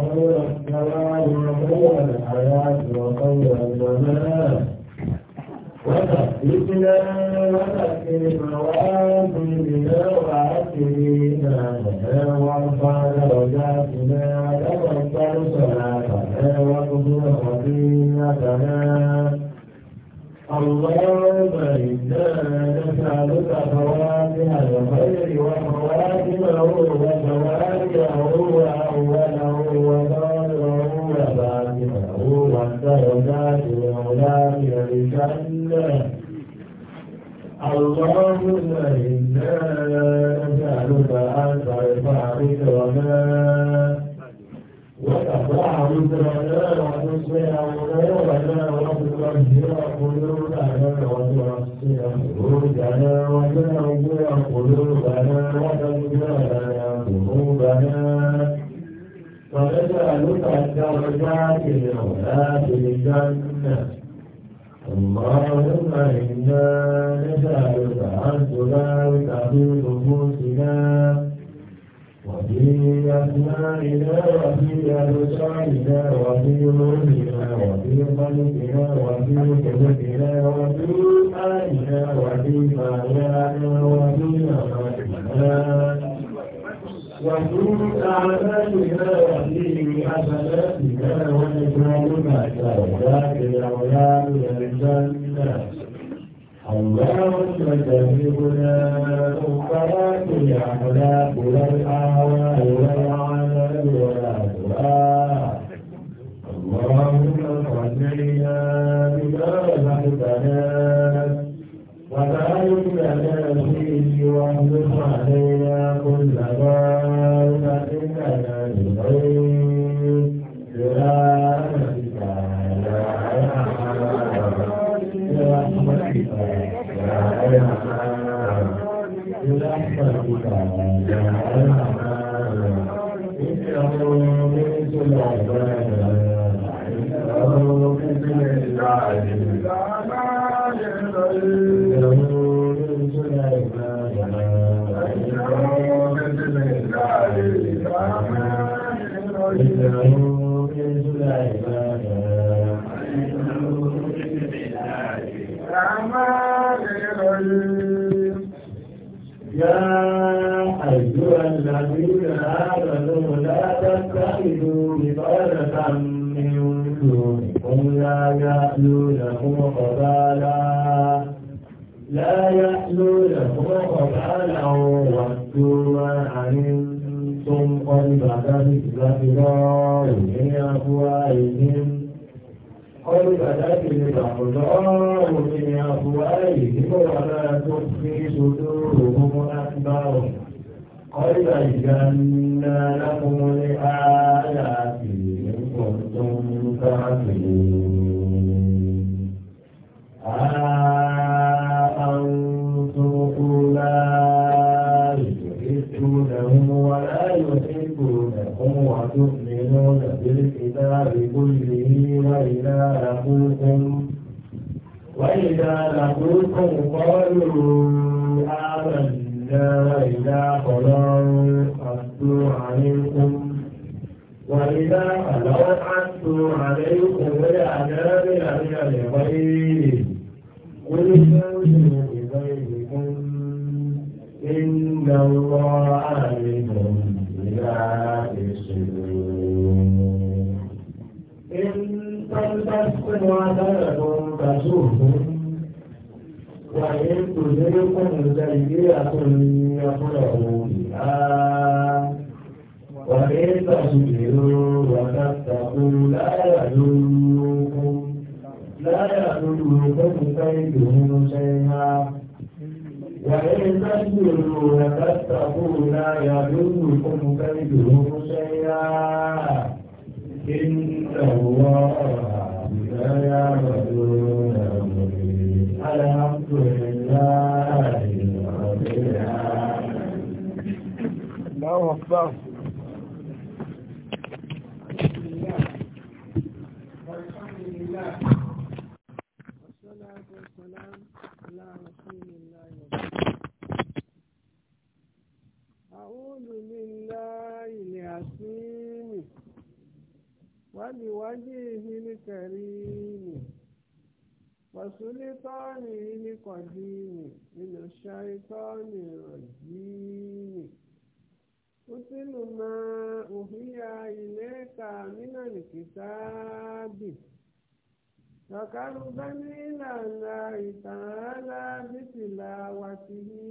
خير الكلام وخير الحياة وخير الممات وتثبتنا وتثبت موازيننا وعافينا لنا وارفع درجاتنا وتوكل صلاتنا واغفر خطيئتنا اللهم انا نسالك فوائد إنا نسألك أن تبارك في نفوسنا وفي أسمائنا وفي أبصارنا وفي نورنا وفي قلبنا وفي قلوبنا وفي آلنا وفي مالانا وفي مماتنا وكن أعمالنا وفيه حسناتنا ونجعلنا كذاك يا ولاد الجنة اللهم جنبنا الخيرات يا ملاك لا الاعوان ولا العمل ولا دعاء اللهم صلينا بما رزقتنا وبارك لنا فيه واحرص علينا كل ما رزقتنا بخير فادعوا إلا إلهنا يا أيها الذين آمنوا لا تتخذوا بطانة من دونكم لا يألونكم خبالا لا يألونكم خبالا وادوا ما علمتم قد بدت ذكرا فتتلك الضار في أفواههم ولا تخفي صدورهم أكبر قد بينا لكم الآيات وإذا لقوكم قالوا آمنا وإذا خلوا أتوا عليكم وإذا خلوا أتوا عليكم الأنامل من الغيظ يخرجكم الجيرة يخرجوا بها وإن تصبروا وتتقوا لا يضركم لا يضركم كيدهم شيئا وإن تصبروا وتتقوا لا يضركم كيدهم شيئا إن الله بما يعملون الحمد لله الله أكبر والحمد لله والصلاة والسلام على رسول الله sùlítọ́ọ̀nì ìníkọ̀díìnì nínú ṣàìtọ́ọ̀nì rọ̀díìnì kútìlù máa òfìyà ìlẹ́ẹ̀ka mínàlì kìtàbì ọ̀kàrùbá ní ìlànà ìtànlá bìtìlà wàtìhí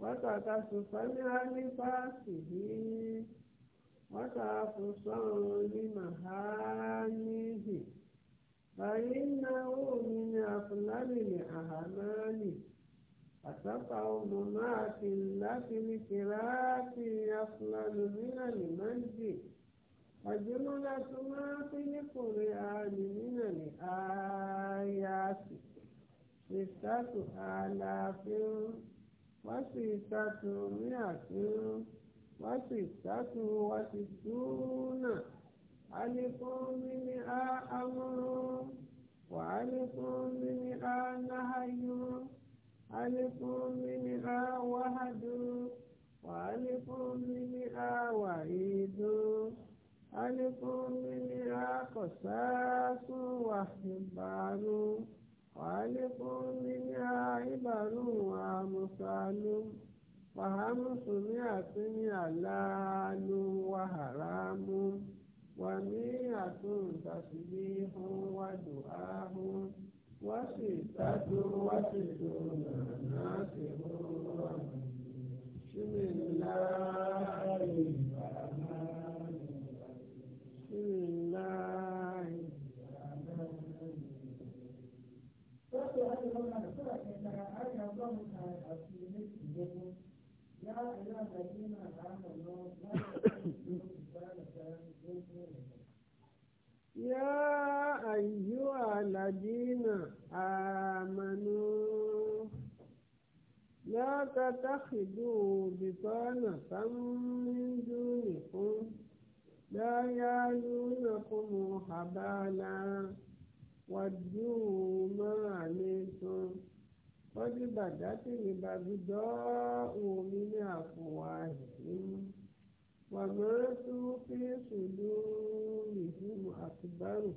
wọ́tàkà sùfàmì àlífàsìhí wọ́tàkà fùsọ̀rùn ní màháníhì. فإنه من أفضل الأعمال فتقع ممات التي بكراك أفضل من المجد وجملة ما في القرآن من الآيات ستة آلاف وستة مئة وستة وستون ألفوا منها أمر وألفوا منها نهي ألفوا منها وهد وألفوا منها وعيد ألفوا منها قصاص وحبار وألفوا منها عبر وأمثال وهمس مئة حلال وحرام wà ní àtúntàṣí bí hún wájú áhùn wá sì tájú wá sì dùn náà sì hún wà mí. símìlá símìlá. يا أيها الذين يا أيها الذين آمنوا لا تتخذوا بطانة من دونكم لا يعلونكم خبالا ودوا ما عليكم قد بدت البغضاء من أفواههم wàmẹ́rẹ́sù fíìsù lórí ìhùmù àtibárù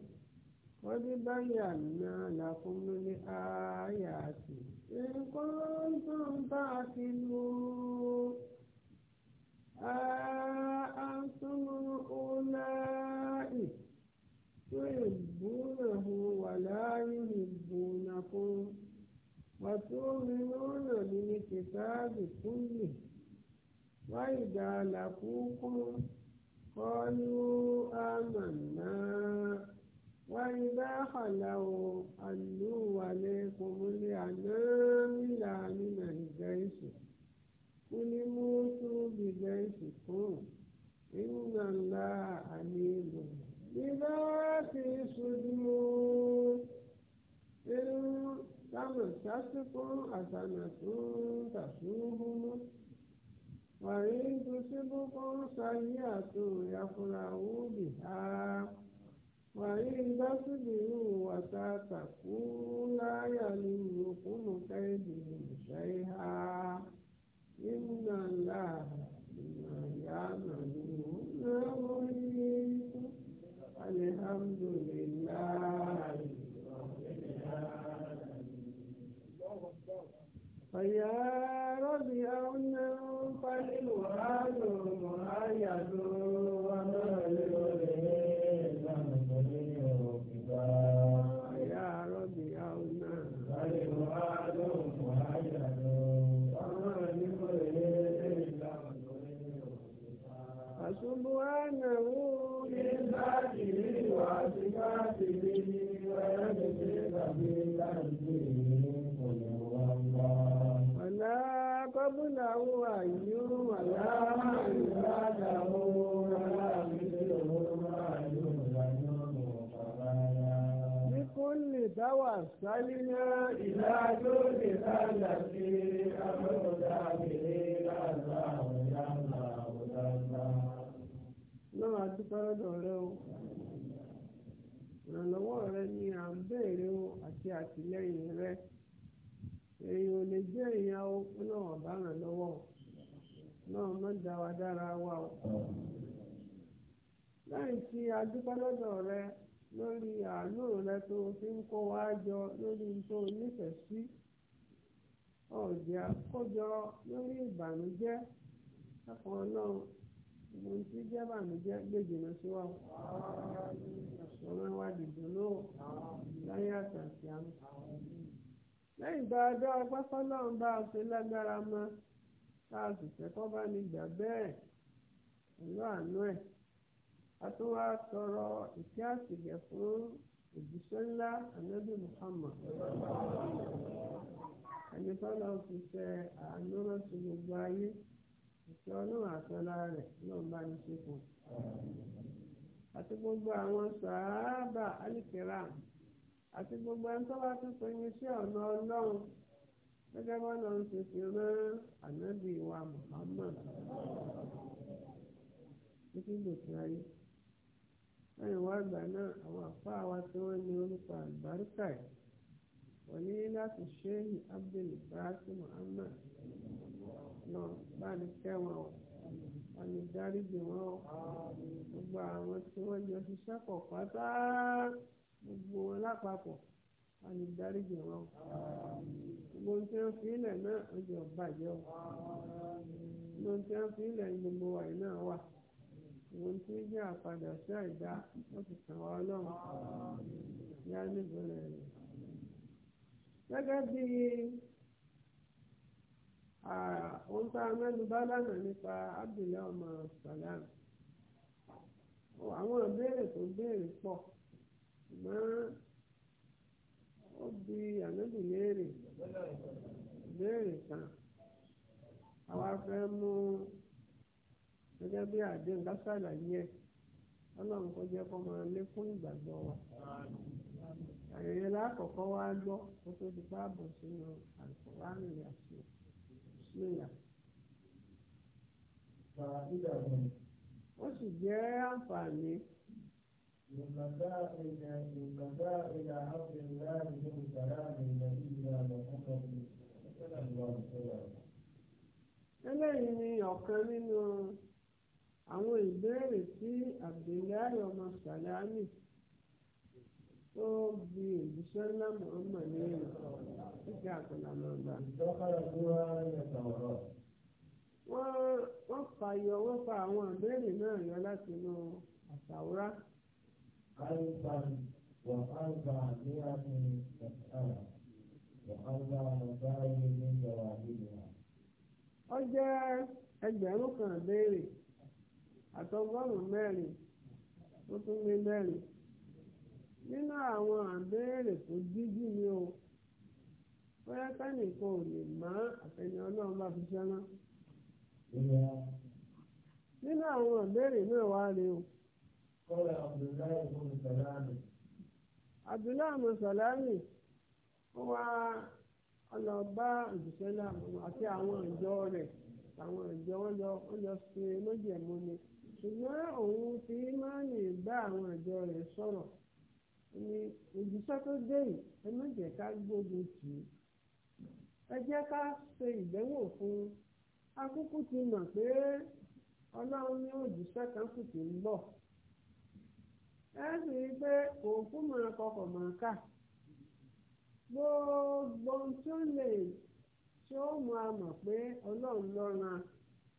wọ́n dé báyà nínú àlàfóúnú ní ààyè àti nǹkan tó ń bá a ti lò ó. أأنتم أولئك تحبونه ولا يحبونكم وتؤمنون بالكتاب كله wáyìdá làkúkún kọlu àmàna wáyìdá kàlàó àlùwalẹ kòmúlẹ àná nílà nínà ìgbà èsì kúlí mú tú gbígbà èsì kún ìnà ńlá àlejò bíbá ti sojú irú táwọn sásìkò àtànà tó ń tàṣúhùn mú. manye gotela ụbọ ka hea tụrụ ya kwụra wụ obi aha ha batụdire ụwa taa ka punahịa neknụ taedir ahaina ihe ayananaamụwu aehamdụlei ọ̀yà rọ́bì àwọn náà ń pàṣẹ wàhálà وصلنا إلى جود خلق أمرنا به الله يا الله يا الله náà dúpẹ́ lọ́dọ̀ o ìrànlọ́wọ́ rẹ ni à ń béèrè o àti àtìlẹ́yìn rẹ èyí ò lè jẹ́ èèyàn o náà bá ràn lọ́wọ́ náà má dá wa dára wa o lórí àánú rẹ tó o fi ń kó wa jọ lórí tó o nífẹ̀ẹ́ sí ọ̀jẹ̀ àkójọ lórí ìbànújẹ́ ẹ̀kọ́ náà mo ti jẹ́ bànújẹ́ gbèjìnà sí wa dìbò náà láyé àtàkì àmì. lẹ́yìn bá a ṣe lágbára mọ́ bá ní bẹ́ẹ̀ a tún wá tọrọ ìfẹ́ àtìgẹ̀ fún òjíṣẹ́ ńlá ànábì Muhammad ẹni tọ́lá fi ṣe àánú rántí gbogbo ayé ìṣe ọlọ́run àtọ́lá rẹ̀ náà bá ní ṣẹ́kùn àti gbogbo àwọn sàábà alìkìrà àti gbogbo ẹni tó bá tún pinnu sí ọ̀nà ọlọ́run gẹ́gẹ́ bá lọ́n ti fi rán ànábì wa Muhammad títí lòkè ayé lẹ́yìn wá ìgbà náà àwọn àfáà wa tí wọ́n ní orúkọ àlùbáríkà yìí wọ́n ní láti ṣéyìn Abdul Basi Muhammad lọ bá ní kẹ́wọn ọ̀ wọ́n ní dáríjì wọn ọ̀ gbogbo àwọn tí wọ́n jọ ṣiṣẹ́ pọ̀ pátá gbogbo wọn lápapọ̀ wọ́n ní dáríjì wọn ọ̀ gbogbo ohun tí wọ́n fi ilẹ̀ náà ó jẹ́ ọ̀bàjẹ́ gbogbo ohun tí wọ́n fi ilẹ̀ gbogbo wàyí náà wà. ìwé tí ó jẹ́ àpadà sí àìdá ó ti tàn wá ọlọ́run yá rẹ̀. gẹ́gẹ́ bí ohun tá a mẹ́nu bá lánàá nípa Abdullahi ọmọ Salam àwọn ìbéèrè tó béèrè pọ̀ ṣùgbọ́n ó bi ànábì léèrè béèrè kan àwa fẹ́ mú. gẹ́gẹ́ bí àdéhùn lásàlàyé ẹ̀ ọlọ́run kò jẹ́ kó máa lékún ìgbàgbọ́ wa. àyẹ̀yẹ lákọ̀ọ́kọ́ wá gbọ́ kó tó di báàbò sínú àlùkòránì àti ìṣúná. ó sì jẹ́ àǹfààní. eléyìí ni ọ̀kan nínú. àwọn ìbéèrè tí abdullahi ọmọ salami tó bi òjíṣẹ́ ńlá mọ̀ọ́mọ̀ ní ìgbà àkọlàmọ́gbà. wọ́n fàyọ wọ́n fa àwọn ìbéèrè náà yọ láti inú àtàwúrá. àìsàn wà áńgà ní wà ọ̀gá ní ìjọba ẹgbẹ̀rún kan béèrè. àtọgọ́rùn-ún mẹ́rin ó tún lé mẹ́rin nínú àwọn àbẹ́rẹ́ tó díjú ni o bóyá kánìkan ò lè má àfẹnì ọlọ́run bá fi ṣáná. nínú àwọn àbẹ́rẹ́ náà wá o. abdullahi ó wá ọlọ́ba òṣìṣẹ́ náà àti àwọn ìjọ rẹ̀ àwọn ìjọ wọn lọ ṣùgbọ́n òun fi mọ́nì bá àwọn àjọ rẹ̀ sọ̀rọ̀ ni òjíṣẹ́ tó dé yìí ẹ má jẹ́ ká gbógun tì í ẹ jẹ́ ká fún un akúkú ti mọ̀ pé ọlọ́run ní òjíṣẹ́ kan kù tí ń bọ̀ ẹ sì gbogbo ohun tí ó lè ṣe ó àmọ̀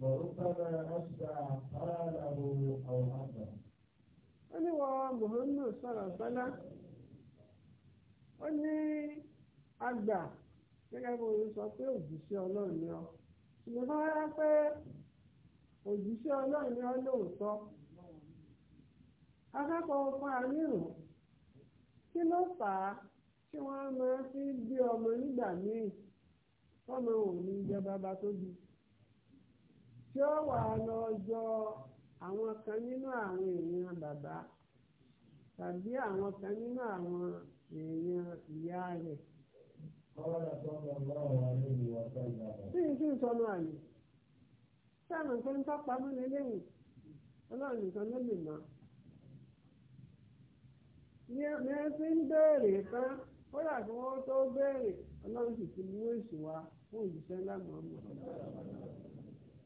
وربما أشبع قاله أو أبى wọ́n ní wọ́n Muhammad Onye sọ́lá ó ní àgbà gẹ́gẹ́ bí orin sọ pé òjíṣẹ́ ọlọ́run ni ọ́ ṣùgbọ́n bá wá pé òjíṣẹ́ ọlọ́run ní tí ó wà lọ jọ àwọn kan nínú àwọn èèyàn bàbá tàbí àwọn kan nínú àwọn èèyàn ìyá rẹ̀. Bí n kí n àyè, ní ọlọ́run nìkan ló lè mọ̀. ń tán, ó kí wọ́n tó ọlọ́run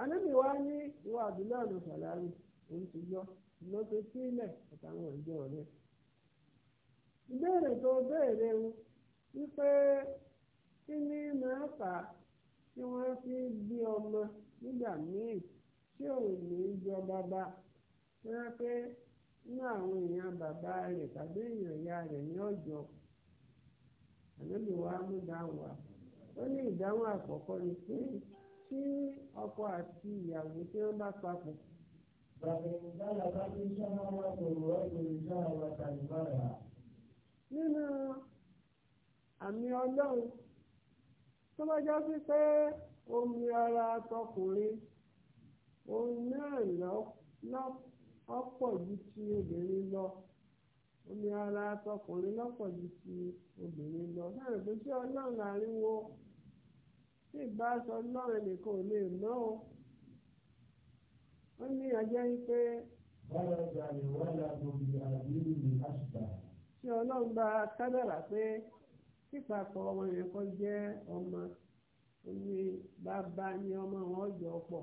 ànábì wa ní ìwà àdúrà ló sàlárì òun ti yọ lọ́sẹ̀ sílẹ̀ àtàwọn ìjọ rẹ̀. ìbéèrè tó béèrè o wípé kí ni màá á tí wọ́n fi bí ọmọ nígbà míì tí òun ní í jọ bàbá tí wọ́n pé inú àwọn èèyàn bàbá rẹ̀ tàbí èèyàn ìyá ní ó ní ìdáhùn àkọ́kọ́ ni pé tí ọkọ àti ìyàwó tí wọ́n bá papọ̀. nínú àmì ọlọ́run tó bá jọ sí pé omi ara tọkùnrin òun náà lọ́pọ̀ ju ti obìnrin lọ ó ní ara tọkùnrin lọ́pọ̀ ju ti obìnrin lọ láàrin pé tí ọlọ́run àríwó tí ìbá sọ ọlọ́run nìkan ò lè mọ́ o ó ní ajẹ́ wípé. wọ́n gba ìwọ́lá omi àbílí ní àṣìbà. tí ọlọ́run bá kádàrà pé pípapọ̀ ọmọ yẹn kọ́ jẹ́ ọmọ ó bàbá ni ọmọ wọn jọ pọ̀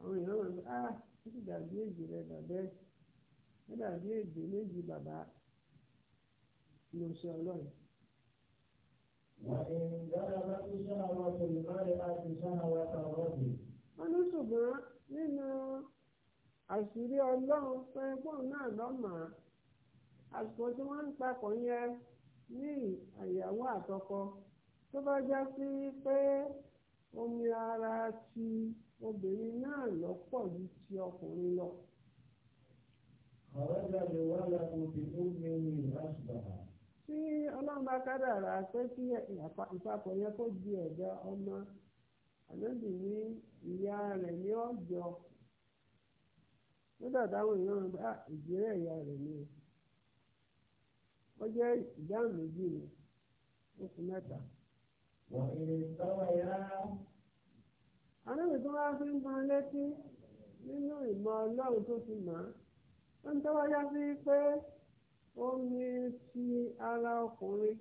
àwọn èèyàn wọn bá a ti dàbí èjì rẹ dàbẹ́ ó dàbí èdè méjì bàbá ló ṣe ọlọ́run. wọ́n ní ṣùgbọ́n nínú àṣírí ọlọ́run pé bóun náà lọ́màá àsìkò tí wọ́n ń papọ̀ yẹn ní àyàwó àtọkọ tó bá já sí pé omi ara ti obìnrin náà lọ́pọ̀ ju ti ọkùnrin lọ. Ọ̀rẹ́dà ni wọ́n lọ kó fi ó mi ní Tí ọlọ́run bá pé kí ìpapọ̀ yẹn kó di ẹ̀jẹ̀ ọmọ, àlejò ní ìyá rẹ̀ ní ọ̀jọ́. Nígbà táwọn èèyàn bá ìyá rẹ̀ ní Ó jẹ́ ìdáhùn oṣù mẹ́ta. tó wá fi ń létí nínú ìmọ̀ ń tọ́wọ́ yá sí pé omi ti ara ọkùnrin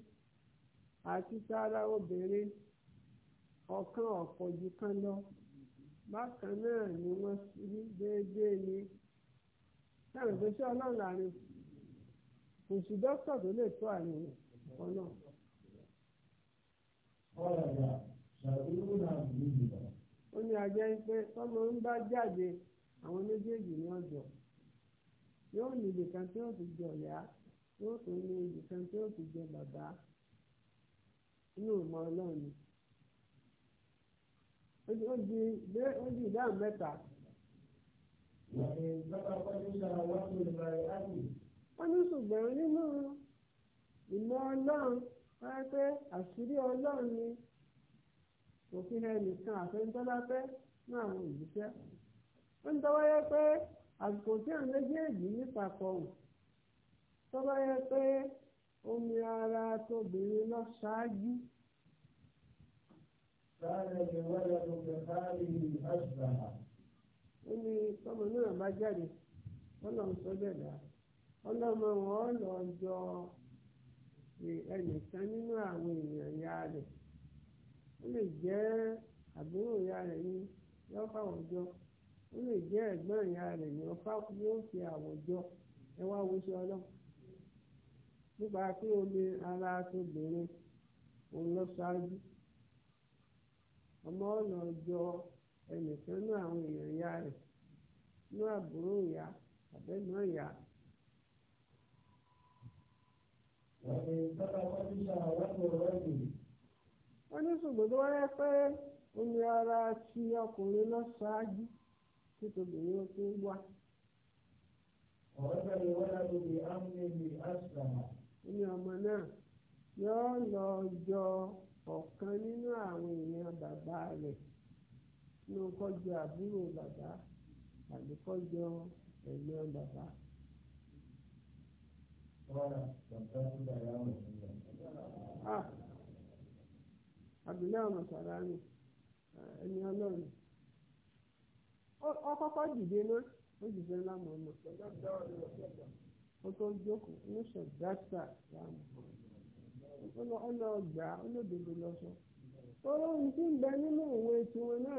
àti tara obìnrin ọ̀kan ọ̀pọ̀jù kan lọ bákan náà ni wọ́n rí déédéé ni láàrin tó ṣe ọlọ́run láàrin kò sí dókítà tó lè tó àrùn rẹ̀ kan náà. ó ní ajẹ́ pé tọ́mọ ń bá jáde àwọn méjèèjì ní ọjọ́. yóò ní ibì kan tí ó ti jẹ ọ̀yá yóò tún ní ibì kan tí ó ti jẹ bàbá inú ìmọ̀ ọlọ́run ni. ó di ìdáhùn mẹ́ta. wọ́n ní ṣùgbọ́n nínú ìmọ̀ ọlọ́run wọ́n pé àṣírí ọlọ́run ni òfin ẹnìkan àfẹ́ńtọ́lá fẹ́ ní àwọn ó ń tọ́wọ́ yẹ pé. àsìkò tí àwọn méjèèjì nípapọ̀ wò tó bá yẹ pé omi ara tóbìnrin lọ ṣáájú. sáré ni wọ́n yẹ kó fẹ́ sáré ní àṣìbàrà. ó ní tọmọ náà bá jáde wọ́n lọ sọ dẹ̀dá ọlọ́mọ wọn lọ jọ ẹnìkan nínú àwọn èèyàn ìyá rẹ̀ ó lè jẹ́ àbúrò ìyá rẹ̀ ní yọ́pàá ọjọ́. ó lè jẹ́ ẹ̀gbọ́n ìyá rẹ̀ ní ọ̀fà yóò fi àwùjọ ẹ wá wo nípa pé omi ara tó bèrè òun lọ ṣáájú ọmọ ọ̀nà ọjọ́ ẹnìkan náà àwọn èèyàn ìyá rẹ̀ ní àbúrò ìyá àbẹ́nú ìyá. wọ́n ní ṣùgbọ́n tó wáyé pé omi ara ti ọkùnrin lọ títòbìrì ó tó wá. ọ̀rẹ́ bẹ̀rẹ̀ wọ́n láti fi amúnẹ́ni àṣàmà. ọmọ náà yóò lọ jọ ọ̀kan nínú àwọn èèyàn bàbá rẹ̀ ní kọjọ àbúrò bàbá tàbí kọjọ ẹ̀gbọ́n bàbá. Ah! ẹni ọkọkọ dìde ná ó dìde lámọ̀ ọ̀nà ó tó jókòó ó sọ dáta lámọ̀ ọ̀nà ọgbà olódodo lọ́sọ. tọ́lá ohun tí ń bẹ nínú òwe tiwọn náà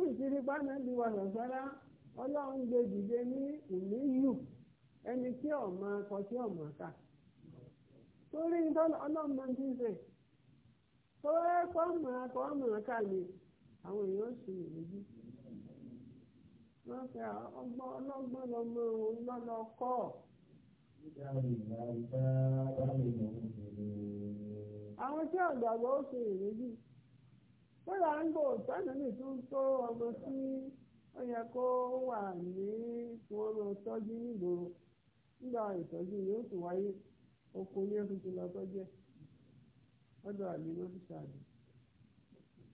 sì ti rí pàmò ẹbí wa gbé dìde ní ìlú yù ẹni tí ọmọ tí ọmọ ká torí àwọn èèyàn sì méjì wọ́n fẹ́ ọgbọ́n ọlọ́gbọ́n lọ́mọ òun lọ́nà kọ́. àwọn tí àgbàgbọ́ ó ṣe ìrèjì kódà ń tó ọmọ sí ó yẹ kó wà ní tọ́jú nígboro nígbà ìtọ́jú yóò sì wáyé okun ní àbí ló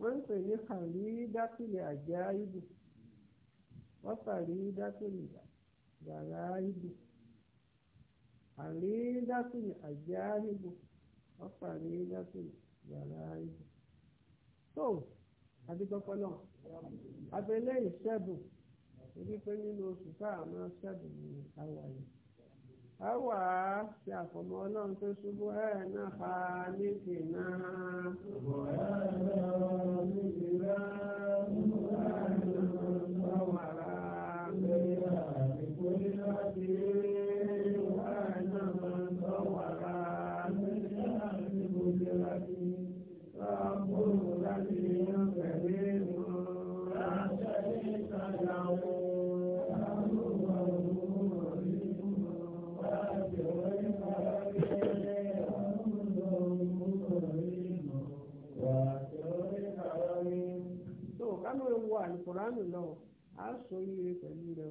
wọ́n ń pè ní kàrí dákìlì àjá ibù wọ́n kàrí dákìlì yàrá ibù kàrí dákìlì àjá ibù wọ́n kàrí dákìlì yàrá ibù. tó adigunpọ̀ náà abẹ́lé ìṣẹ́bù ebi pé nínú oṣù tá a máa ṣẹ́bù ní àwàyè. a wà á ṣe àfọ̀mọ́ ọlọ́run tó ṣubú ẹ̀ náà fa nídìí náà. ẹ̀ alukóránù lọ a sọ yire pẹ̀lú rẹ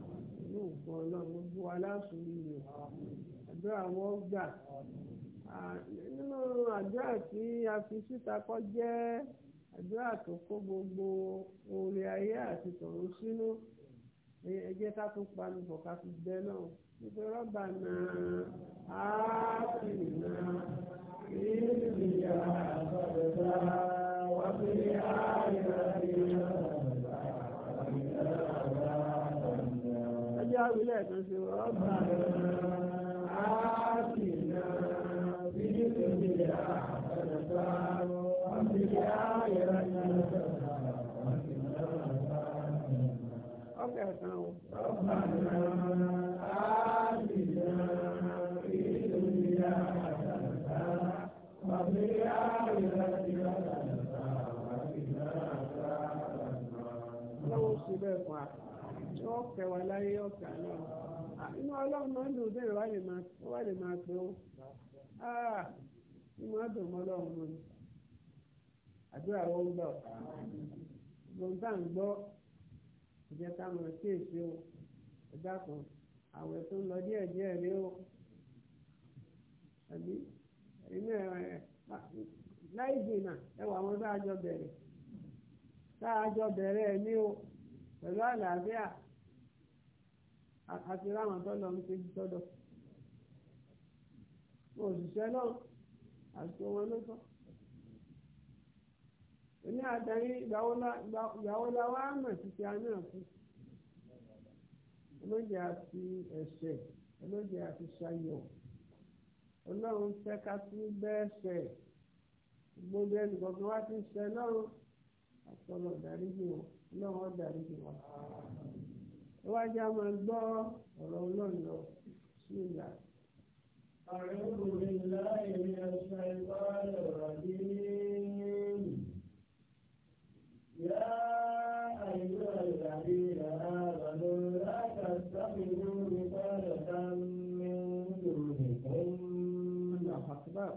o inú ògbọ́ ọlọ́run gbogbo aláṣọ yire o àdúrà wọn gbà nínú àdúrà tí a fi síta kọ́ jẹ́ àdúrà tó kó gbogbo oore ayé àti tọ̀run sínú ẹ jẹ́ ká tún panu bọ̀ ká fi gbẹ náà nípa rọ́bà náà á sì náà kí nìyà àbọ̀dọ̀dá wà pé á yára bí náà. wílẹ̀ kan sí rọ́bà àásìnà bí ìpínlẹ̀ àbàdàbà ọ̀pìnlẹ̀ ayẹ̀rẹ̀ ọ̀pẹ̀ ẹ̀sán o. rọ́bà àásìnà bí ìpínlẹ̀ àbàdàbà ọ̀pìnlẹ̀ ayẹ̀rẹ̀ ọ̀pẹ̀ ẹ̀sán o. Ọlọ́run sí bẹ́ẹ̀ fún wa ọ̀fẹ́ wa láyé ọ̀fẹ́ náà inú ọlọ́run máa ń dùn bẹ́ẹ̀ wá lè máa pé ó inú ọdún mọ́ ọlọ́run mọ́ ni àdúrà ó ń bọ̀ gbọ̀ǹgbà ń gbọ́ ìjẹ́ ká mọ̀ sí èsì o ẹ̀dá kan àwẹ̀ tó ń lọ díẹ̀ díẹ̀ rí o àbí inú ẹ̀ láì jìnnà ẹwà àwọn tá a jọ bẹ̀rẹ̀ tá a jọ bẹ̀rẹ̀ ẹ̀ ní o pẹ̀lú àlàáfíà àti ráwọn tọ́lọ ń ṣe tọ́dọ̀ wọn òṣìṣẹ́ náà àti wọn ló tọ́ èmi àtẹ̀yìn ìgbàwó la wá mọ̀ títí aná fún olóòjì àti ẹ̀ṣẹ̀ olóòjì àti ṣayọ̀ ọlọ́run fẹ́ ká tún bẹ́ẹ̀ ṣẹ̀ gbogbo ẹnìkọ̀ọ̀kan wá ti ṣẹ lọ́run àtọ̀lọ̀ dáríjì wọn ọlọ́run ó dáríjì wọn iwájú a máa gbọ́ ọ̀rọ̀ ọlọ́run lọ sí ìlà. أعوذ بالله من الشيطان الرجيم يا أيها الذين آمنوا لا تتخذوا بطانة من دونكم الله أكبر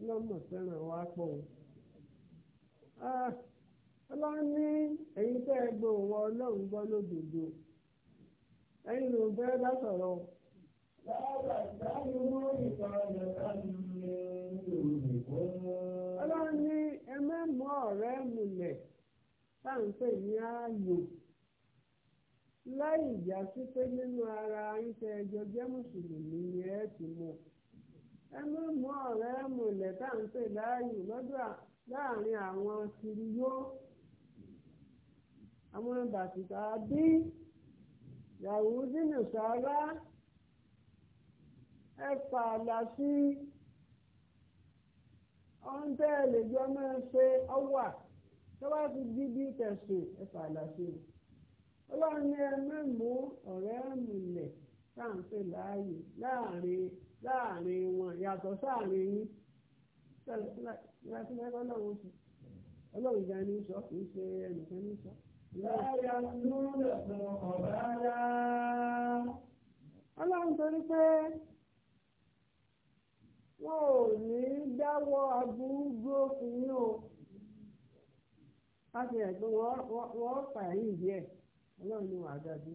اللهم صل وسلم ọlọ́run ní èyí tẹ́ ẹ gbọ́ òwò ọlọ́run gbọ́ lódodo ẹ̀yin ló bẹ́ẹ̀ bá sọ̀rọ̀. ọlọ́run ní ẹ má mú ọ̀rẹ́ mulẹ̀ tá à ń pè ní ààyò láì ìjà sí pé nínú ara jẹ́ mùsùlùmí ni ẹ ti mọ̀ lọ́dọ̀ láàrin àwọn yóò. àwọn bàtìkà bí yàwó dínà sáárá ẹ fààlà sí ọ̀n tẹ́ ẹ lè jọ máa ṣe ọwà tó bá ti di bí tẹ̀sùn ẹ fààlà sí i ọlọ́run ní ẹ mẹ́mú ọ̀rẹ́ mìlẹ̀ tá láàyè láàrin láàrin wọn yàtọ̀ sáàrin yín láti mẹ́kọ́ ọlọ́run sọ ọlọ́run ìjà ní sọ kì í ṣe ẹnìkan ní sọ. Ọlọ́run torí pé wọn ò ní dáwọ́ aburú fún yín o. Láti rẹ̀ pé wọ́n fà yìí díẹ̀, ọlọ́run ni wàá dàbí.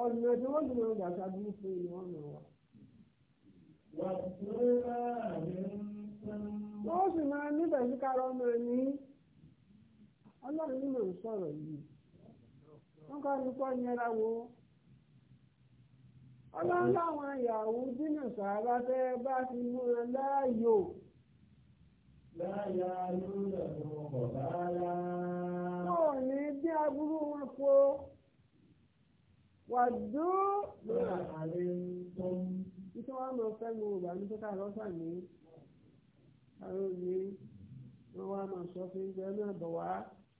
Ọ̀nà tí wọ́n gbìyànjú gbàgbà burú fún yín ni wá. Wọ́n sì máa níbẹ̀ sí ẹni. ọlọ́run ní mò ń sọ̀rọ̀ yìí wọ́n kọ́ ní kọ́ yẹra wo ọlọ́run hmm. láwọn ìyàwó dínà sàárà tẹ́ bá ti múra láàyò. láyà ló lè mú ọkọ̀ rárá. wọn ò ní bí aburú wọn po wàdó. lọ́la àlẹ́ ń tọ́. iṣẹ́ wa máa fẹ́ mu ìgbà ní sọ́kà lọ́sà ní àròyé wọ́n wá máa sọ fún ìgbẹ́ náà bọ̀ wá.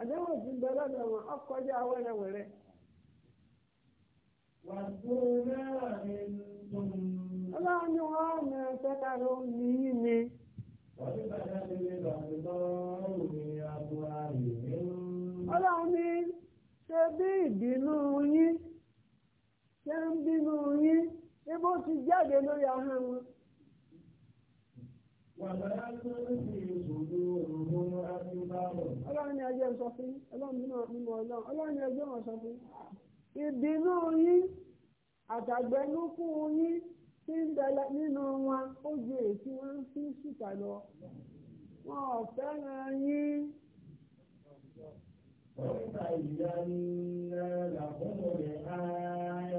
àdéhùn ti bẹ lọ́dọ̀ wọn ọkọjá wẹ́rẹ́wẹ́rẹ́. ọlọ́run ni wọ́n mọ ẹ̀fẹ́ kára ó ní í ni. ọlọ́run ní ṣe bí ìbínú yín ṣe ń bínú yín bí Ọlọ́run ni ẹjọ́ sọ fún ọlọ́run nínú mímọ̀ ọlọ́run ọlọ́run ni ẹjọ́ wọn sọ fún ìbínú yín àtàgbẹnúkú yín tí ń bẹ̀lẹ̀ nínú wọn ó ju èyí tí wọ́n ń fi síta lọ wọn ò fẹ́ràn yín. Ọ̀pá ìyá ń náà làkúnmọ̀ rẹ̀ áá.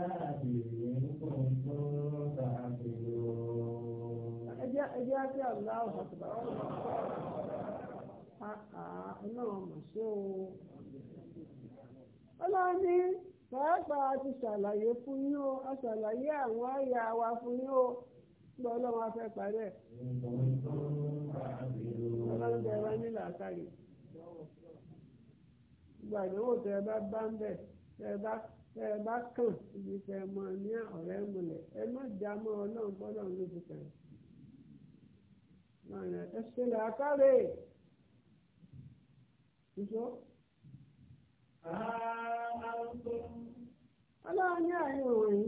jẹ́ kí aláwọ̀ ṣàtìbà ọlọ́run mọ̀ ṣe o ọlọ́run ní pàápàá ti ṣàlàyé fún yín o a ṣàlàyé àwọn àyà wa fún yín o gbọ́ ọlọ́run afẹ́ parẹ́ ọlọ́run bẹ wá ní làákàyè gbogbo àdánwò tẹ ẹ bá bá ń bẹ tẹ ẹ bá tẹ ẹ bá kàn ibi tẹ mọ ní ọ̀rẹ́ múlẹ̀ ẹ má dá ọlọ́run bọ́lọ́run ló ti kàn ẹsẹ̀ làákàrẹ̀ ìṣó. aláwọ̀ ní àyè òwòyí.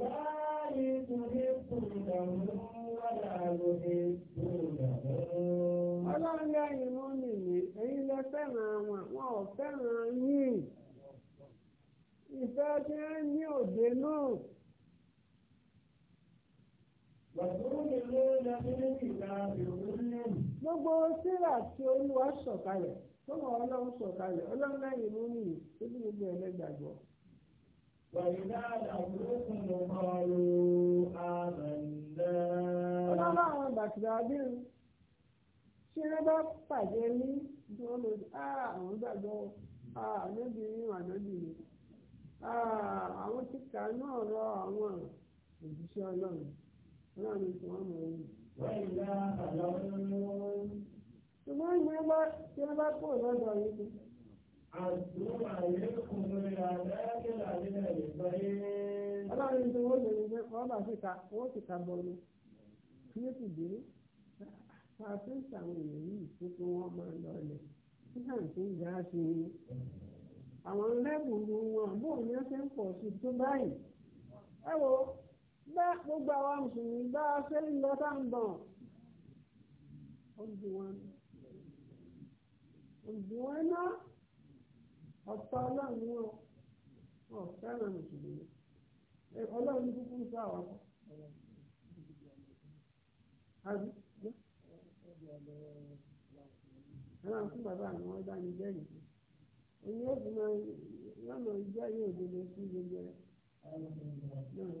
Láyé kúndé kúndà mú wàlá lóde kúndà mú. Ọlọ́run lẹ́yìn mú mi ní ẹ̀yin lẹ fẹ́ràn wọn, wọn ò fẹ́ràn yín. Ìfẹ́ tí ń ní òde náà. Gbogbo síra tí Olúwa sọ̀kalẹ̀, tọ́wọ́ Ọlọ́run sọ̀kalẹ̀, Ọlọ́run lẹ́yìn mú nìyí, ó ní ẹlẹ́gbàgbọ́. Ọlọ́run àwọn bàtìrà bíi ṣé wọ́n bá pàdé ní bí wọ́n lè àwọn gbàgbọ́ ànábìrin ànábìrin àwọn ti kà náà àwọn òjíṣẹ́ Ọlọ́run náà ni tí wọ́n mọ̀ ọ́ yìí. ṣùgbọ́n ìgbẹ́ bá tí wọ́n bá kó lọ́dọ̀ yìí. Àdúrà yìí kùnrin àdáyébà nílẹ̀ ìgbàyé. Ọlọ́run tí wọ́n ti ka bọ̀ ni. Kí ló ti dé? Fàáfin sàwọn èèyàn yìí tó kí wọ́n máa lọ ilẹ̀. Nígbà tí ń gbà sí i. Àwọn lẹ́bùn wọn bóun ni wọ́n ṣe ń pọ̀ sí tó báyìí. Ẹ wo bá gbogbo àwọn mùsùlùmí bá a ṣe ń lọ sáǹbọ̀n òbí wọn òbí wọn náà ọ̀tọ̀ ọlọ́run wọn ọ̀ fẹ́ràn mùsùlùmí ọlọ́run kúkú ń sọ àwọn ọkọ̀ àbí àwọn fún bàbá àwọn wọn bá ní jẹ́rìí sí òun yóò fi máa yọ̀nà ìjẹ́rìí òdodo sí gbogbo ẹ̀ náà.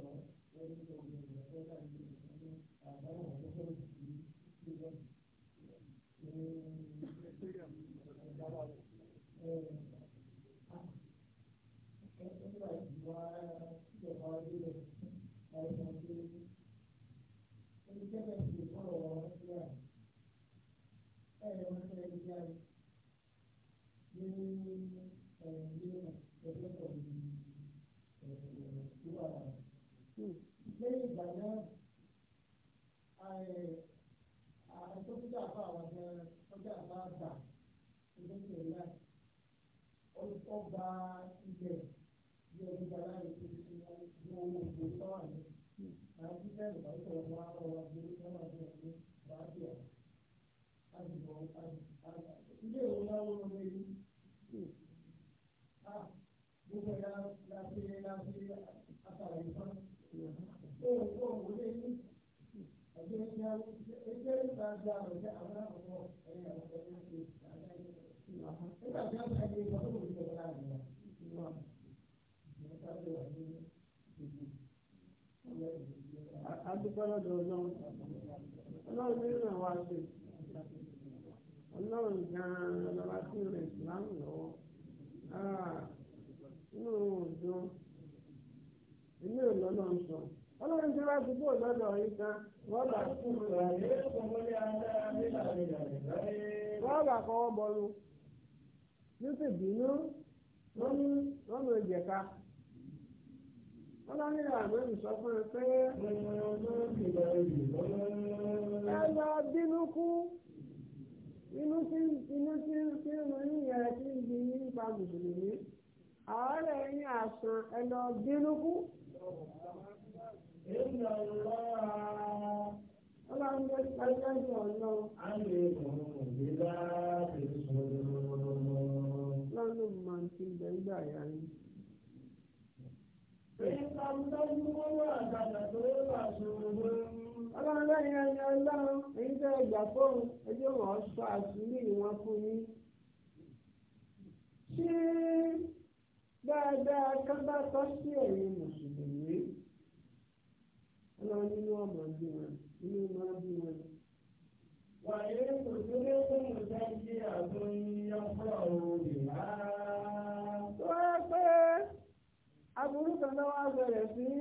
ẹ̀ẹ́dẹ́gbẹ́ tó jẹ́ àfa àwọn jẹ́ ọjọ́ àfa àgbà ẹgbẹ́ adúpẹ́ lọ́dọ̀ ọlọ́run ọlọ́run ní ìrìn àwọn àṣẹ ọlọ́run gan-an lọ́wọ́ sí ìrìn ìsìláàmù lọ́wọ́ inú òjò inú ìlọ́lọ́run sọ ọlọ́run ti wọ́n bá kọ́wọ́ bọ́lu yóò bínú wọ́n lè jẹ̀ka wọ́n bá nílò àgbẹ̀rù sọ fún ẹ pé ẹ lọ bínú kú inú tí inú tí tí mo ní ìyẹn tí ń di nípa mùsùlùmí àárẹ̀ yín àsán ẹ lọ bínú kú. إن الله ولم يستجب عليم بذات الصدور لن Ọlọ́run lẹ́yìn ẹni ọlọ́run èyí tẹ́ ẹgbà fóun ẹjọ́ wọn sọ àṣírí wọn fún yín. Ṣé dáadáa sí Mùsùlùmí? na n'ime ọmọ bí wọn nínú ọmọ bí wọn. wàyé kò tó lé fún ìdájí àgbóyọ̀pọ̀ òbí rárá. wọ́n pé aburú kan náà wá bẹ̀rẹ̀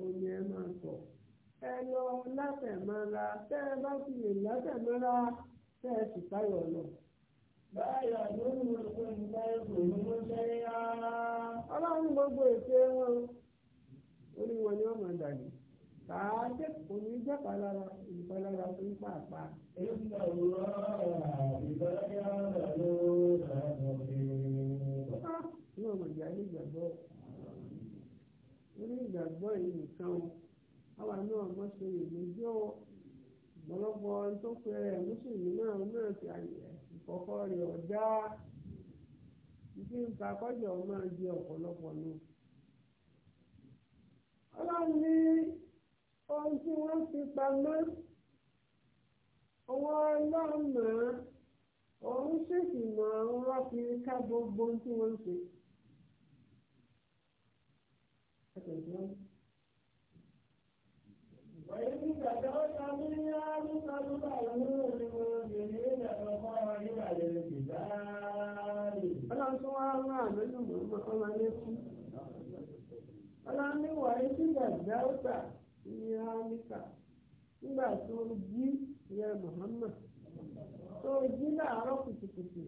Onye ẹ lọ látẹ̀mọ́ra tẹ́ ẹ bá ti lè látẹ̀mọ́ra tẹ́ ẹ sì táyọ̀ lọ. báyọ̀ ló ń ìgbà ìgbò ní mo ṣe yá. ọlọ́run gbogbo ète wọn orí wọn ni máa dàgbé ìgbà ló rà ah, ní ọmọ ìyá àwa náà mọ̀ ṣe ìlójú ọ̀pọ̀lọpọ̀ tó pe ẹ̀ mùsùlùmí náà náà ti ìkọ̀kọ̀ rẹ̀ ọ̀dá ìfi ń pa máa di ọ̀pọ̀lọpọ̀ nù. ọlọ́run ní ohun tí wọ́n fi pamọ́ owó ọlọ́run mọ́ òun ṣèṣì mọ́ òun rọ́ọ̀kì ká gbogbo ohun tí wọ́n ń ṣe. وإن كفرت بالله فتطعموا المؤمنين مقاعد للقتال فلم nígbà tó jí ìyá Muhammad tó jí láàárọ̀ kùtùkùtù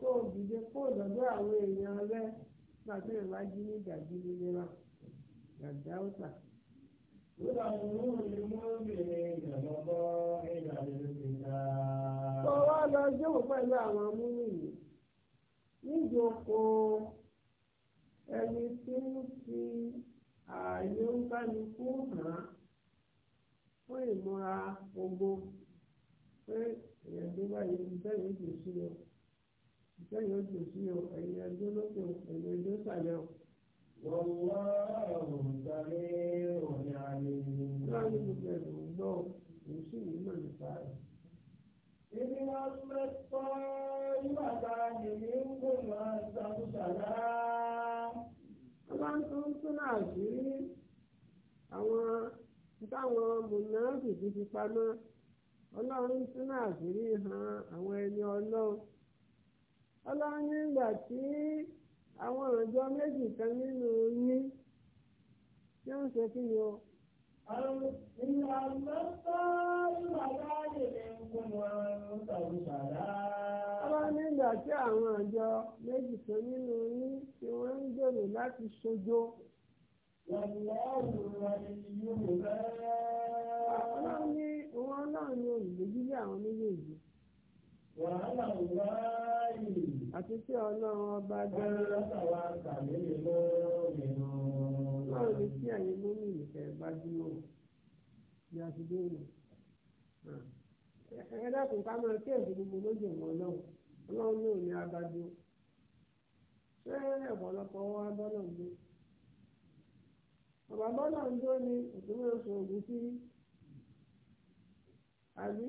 tó dìde kó lọ́dọ̀ àwọn èèyàn rẹ̀ gbàgbé ìwájú ní ìdàgbé nílé Gàdáwùtà. Tọ́wọ́ lọ jókòó pẹ̀lú àwọn múlùmí níjókòó ẹni tí ń fi ààyè ń kálukú hàn fún ìmúra gbogbo pé èèyàn tó báyìí ìtẹ́yìn ó ti sí o ìtẹ́yìn ó ti sí o ẹ̀yìn ẹjọ́ lókè ẹ̀yìn ẹjọ́ sàlẹ̀ o. Wallahu sami'un 'alim. láàrin gbogbo ẹ̀rọ ń gbọ́ òun sì ní mọ̀ nípa rẹ̀. ibi wọn pẹ tọ́ nígbà tá a lè ní kó máa ṣàkóso àlá. ọba ń tún tún náà sí àwọn táwọn mùnàfì ti fi pamọ́ ọlọ́run tún náà sí hàn àwọn ẹni ọlọ́run ọlọ́run nígbà tí àwọn àjọ méjì kan nínú yín tí wọ́n ṣe kí ni o. Ọlọ́run nígbà tí àwọn àjọ méjì kan nínú yín tí wọ́n ń gbèrò láti ṣojo. Ọlọ́run ní òun ọlọ́run ní olùdójúlé àwọn méjèèjì wàhálà wáyé. àti tí ọlọ́run ọba gan. wọ́n ní lọ́sàwọ́ àgbàlẹ́ mi lórí mi. náà ni tí àyè lórí ìfẹ́ bá dúró ni a ti dúró. ẹ dákun ká máa kí èsì gbogbo lójú ìmọ̀ náà ọlọ́run ní òní agbájú. ṣé ọ̀pọ̀lọpọ̀ wa bọ́lọ̀ ń gbé? ọ̀bà bọ́lọ̀ ń gbé ni ìpínlẹ̀ oṣù ògùn sí. àbí.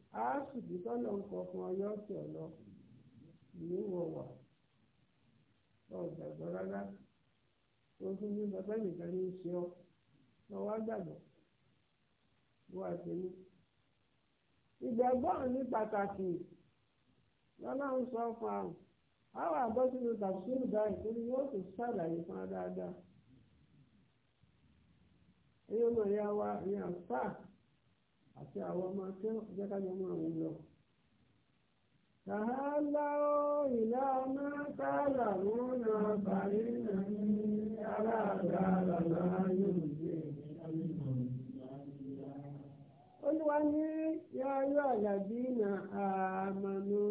a sì bí tọ́lọ̀ ń fún ọyọ́ ọ̀sẹ̀ ọ̀lọ́ ìlú wọ̀ wà ọ̀gbàgbọ́ rárá ojú ní bàbá nìkan ní ṣe ọ́ lọ́wọ́ ìgbàgbọ́ ní pàtàkì sọ fún sínú báyìí torí àti àwọn ọmọ tí ó jẹ́ ká jọ máa lọ. Tàhálà ó ìlà máa tààlà mú na bàrí nà ní aláàbà lọ́la yóò gbé Olúwa ní yáyọ́ àjàbí na àmànù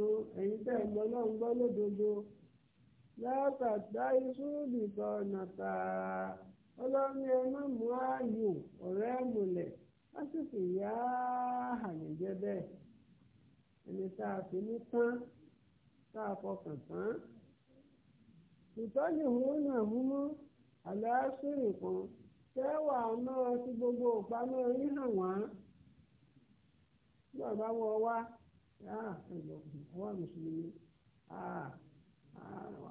ẹ̀yìn tẹ̀ ń gbọ́ náà ń gbọ́ lódodo. Látàgbá iṣu nàtà ọlọ́run sì fi yá àyànjẹ́ ẹni tá a fi ní tán tá a fọkàn tán ìtọ́jú ìwúrò náà mú mọ́ àlàáfíì kan náà sí gbogbo òpá náà rí hàn wá bí bàbá wọ wá mùsùlùmí ọlọ́run ti báyìí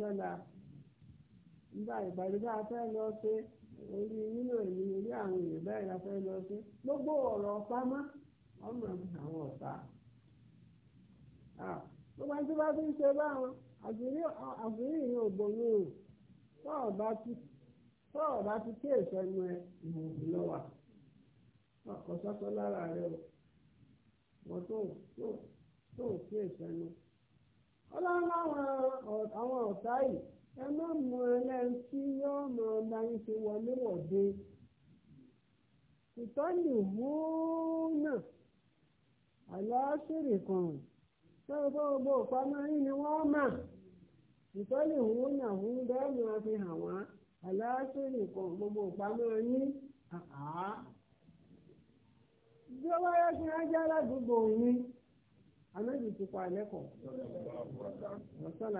lọ́la bá a fẹ́ orí nínú e orí àwọn èèyàn báyìí la fẹ́ lọ sí gbogbo ọ̀rọ̀ pamọ́ ọmọ àwọn ọ̀tá ah, gbogbo àti bá fi ń ṣe báwọn àgbèrè ìyẹn ògbóni o tọ́ọ̀ bá ti kí èso ẹnu ẹ ìmọ̀ọ́bù lọ́wà ọ̀sọ́sọ́ lára rẹ o wọ́n tó tó kí èso ẹnu ọlọ́run láwọn ọ̀tá yìí. ẹ má mú ẹlẹ́rìí tí yóò mọ ọba yín ṣe wọléwọ̀de ìtọ́ni wúúnà àlọ́ṣìrì kan sọ́rọ̀ tó gbogbo òpamọ́ yín ni wọ́n mà ìtọ́ni wúúnà wúún bẹ́ẹ̀ wọ́n fi hàn wá kan gbogbo bí ó wáyé kí wọ́n jẹ́ aládùúgbò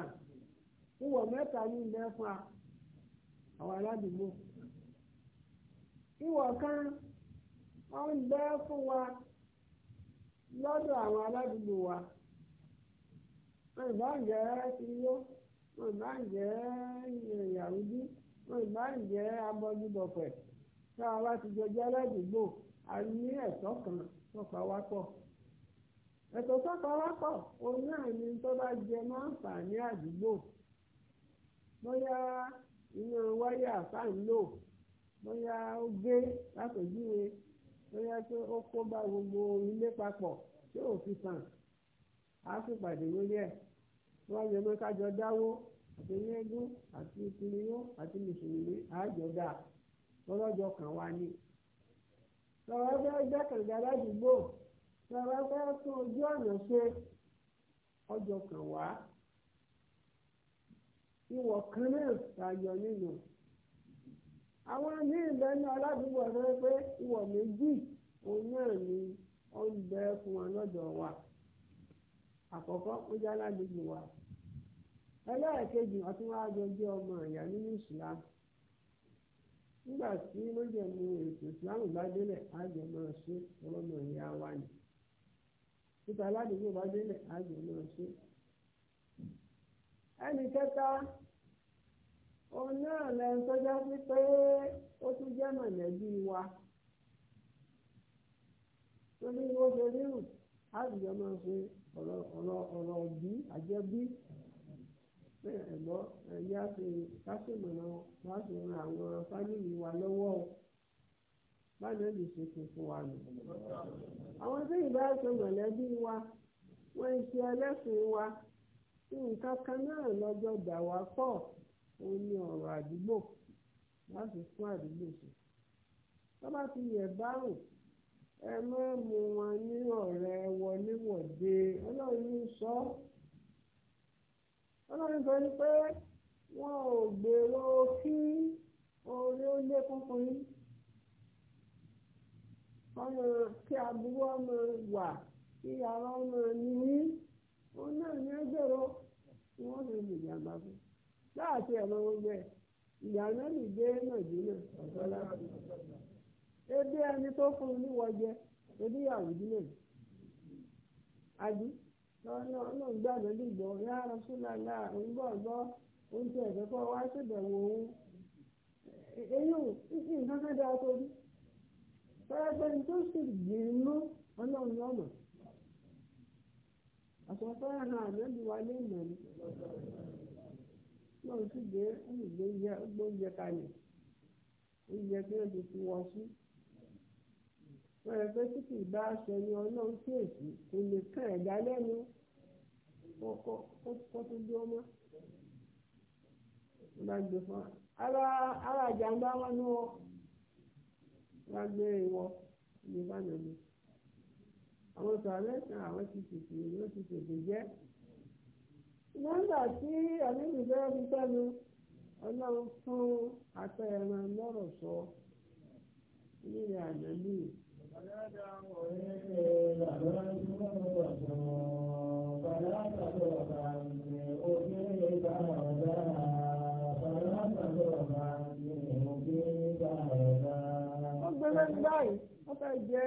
wíwọ̀ mẹta ní ilẹ̀ fún àwọn aládùúgbò wíwọ̀ kan wọ́n ń bẹ́ fún wa lọ́dọ̀ àwọn aládùúgbò wa wọ́n ìbá ń jẹ́ wọ́n ìbá ń jẹ́ wọ́n ìbá ń jẹ́ abọ́júbọ̀pẹ̀ a ti jọjọ́ aládùúgbò a ní ẹ̀tọ́ kan tọ́ka wá pọ̀ ẹ̀tọ́ wá pọ̀ òun náà bá jẹ máa ń bóyá iná wáyà tá à ń lò bóyá ó gé lápèjúwe bóyá pé ó kó bá gbogbo ilé papọ̀ tí ò fi sàn á sì pàdé lórí ẹ̀ wọ́n yẹ mọ́ kájọ dáwó àti yẹ́gún àti kìnìún àti mùsùlùmí àjọdá lọ́lọ́jọ́ kan wá ní. sọ̀rọ̀ fẹ́ ládùúgbò sọ̀rọ̀ ojú ọ̀nà ṣe ọjọ́ kan wá. ìwọ̀ kan náà ṣàyọ̀ nínú. àwọn míì lẹ́nu aládùúgbò rẹ pé ìwọ̀ méjì òun náà ni ó ń bẹ fún wọn lọ́dọ̀ wa. wa. ẹlẹ́ẹ̀kejì wọ́n tún jọ jẹ́ ọmọ ìyá nínú ìsìlámù. nígbà tí lójẹ̀mú ètò ìsìlámù bá délẹ̀ á jẹ́ máa ṣe ọlọ́mọ ìyá wa ẹnì kẹta òun náà lẹ́nu tó já sí pé ó tún jẹ́ mọ̀lẹ́bí wa torí ó ṣe rírù àbùjọ máa ṣe ọ̀rọ̀ ọ̀rọ̀ àjẹbí pé ẹ̀gbọ́n ẹ̀yà ṣe kásìmọ̀nà wá sí ran àwọn fámìlì wa lọ́wọ́ o lè ṣe fún wa nù. àwọn wa wọ́n ń ṣe wa. nǹkan kan náà lọ́jọ́ dà wá pọ̀ òun ni ọ̀rọ̀ àdúgbò láti fún àdúgbò sí. tó bá ti yẹ̀ bárùn ẹ má mú wọn ní ọ̀rẹ́ wọléwọ̀de ọlọ́run ń sọ ọlọ́run sọ ni pé wọn ò gbèrò kí orí ó lé kúnkún yín ọmọ kí aburú ọmọ wà kí ara ọmọ ní onu anyị ní ẹgbẹ̀rọ tí wọ́n fi lè ya fún láàtì ẹ̀rọ gbogbo ẹ̀ ìyàrá lè dé nàìjíríà ọ̀sọ́lá ebi ebe ya fún un níwọ̀jẹ ebi ìyàwó dílé àbí lọ́nà gbàgbé dìgbò yára fúlàlà òǹgbọ̀gbọ́ oúnjẹ ìfẹ́fọ́ wá ṣèbẹ̀wò òun eyín nǹkan kan dáa tó rí pẹ́ẹ́pẹ́ àkọ́kọ́ ẹ̀hàn ànábì wa lè mọ̀ ní. náà sì gbé olùgbé oúnjẹ kalẹ̀ oúnjẹ tí wọ́n ti fi wọ sí. wọ́n rẹ̀ pé tí kì í bá aṣọ ni ọlọ́run tí èsì kò lè kàn ẹ̀dá lẹ́nu kó tó dúró mọ́. wọ́n bá gbé fún wa. ara àjàmbá wọn ni wọ́n bá gbé wọ ní ìbánidọ́ àwọn sọ̀rọ̀ kan àwọn ti tètè ló ti tètè jẹ́. nọ́mbà tí ọ̀nìyàn bẹ́ẹ̀ fi tẹ́nu ọlọ́run fún apẹ̀rẹ̀ lọ́rọ̀ sọ nílẹ̀ àjọ̀lú. ó gbé báyìí ó fẹ́ jẹ́.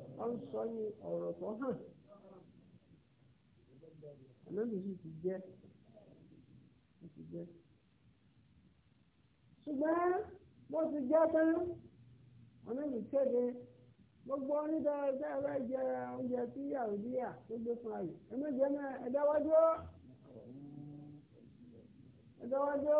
ọ ń sọ ní ọ̀rọ̀ tó hàn ànábì sì ti jẹ́ ó ti jẹ́ ṣùgbọ́n bó ti jẹ́ tán ànábì kéde gbogbo onídàájọ́ ẹ̀rọ jẹ oúnjẹ tí àrùdíyà tó gbé fún ayò ẹ̀mí jẹ́ náà ẹ̀dáwájú ẹ̀dáwájú.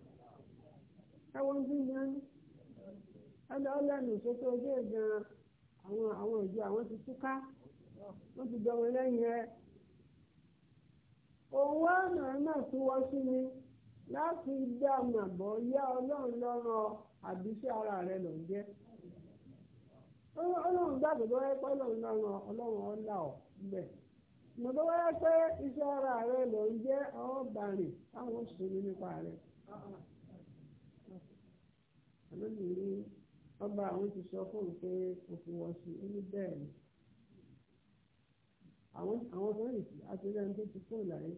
ẹwọ́n bí gan ọlọ́ọ̀lẹ́nu ìṣókè ojú ìgan àwọn àwọn ìjọ àwọn ti túká wọ́n ti dọ̀wọ́ lẹ́yìn ẹ. òun ọ̀nà náà tí wọ́n sí mi láti dá yá ọlọ́run lọ́rọ̀ ara jẹ́. ọlọ́run pé ọlọ́run lọ́rọ̀ ọlọ́run ọ̀ mọ̀ tó wáyé pé iṣẹ́ ara rẹ̀ ló jẹ́ ọ̀ọ́bàrìn táwọn sùn àlóyè ní ọba àwọn ti sọ fún un pé kò fi wọ́n sí i bẹ́ẹ̀ ni àwọn kan yìí àtúnyẹ̀ tó ti kúrò láyé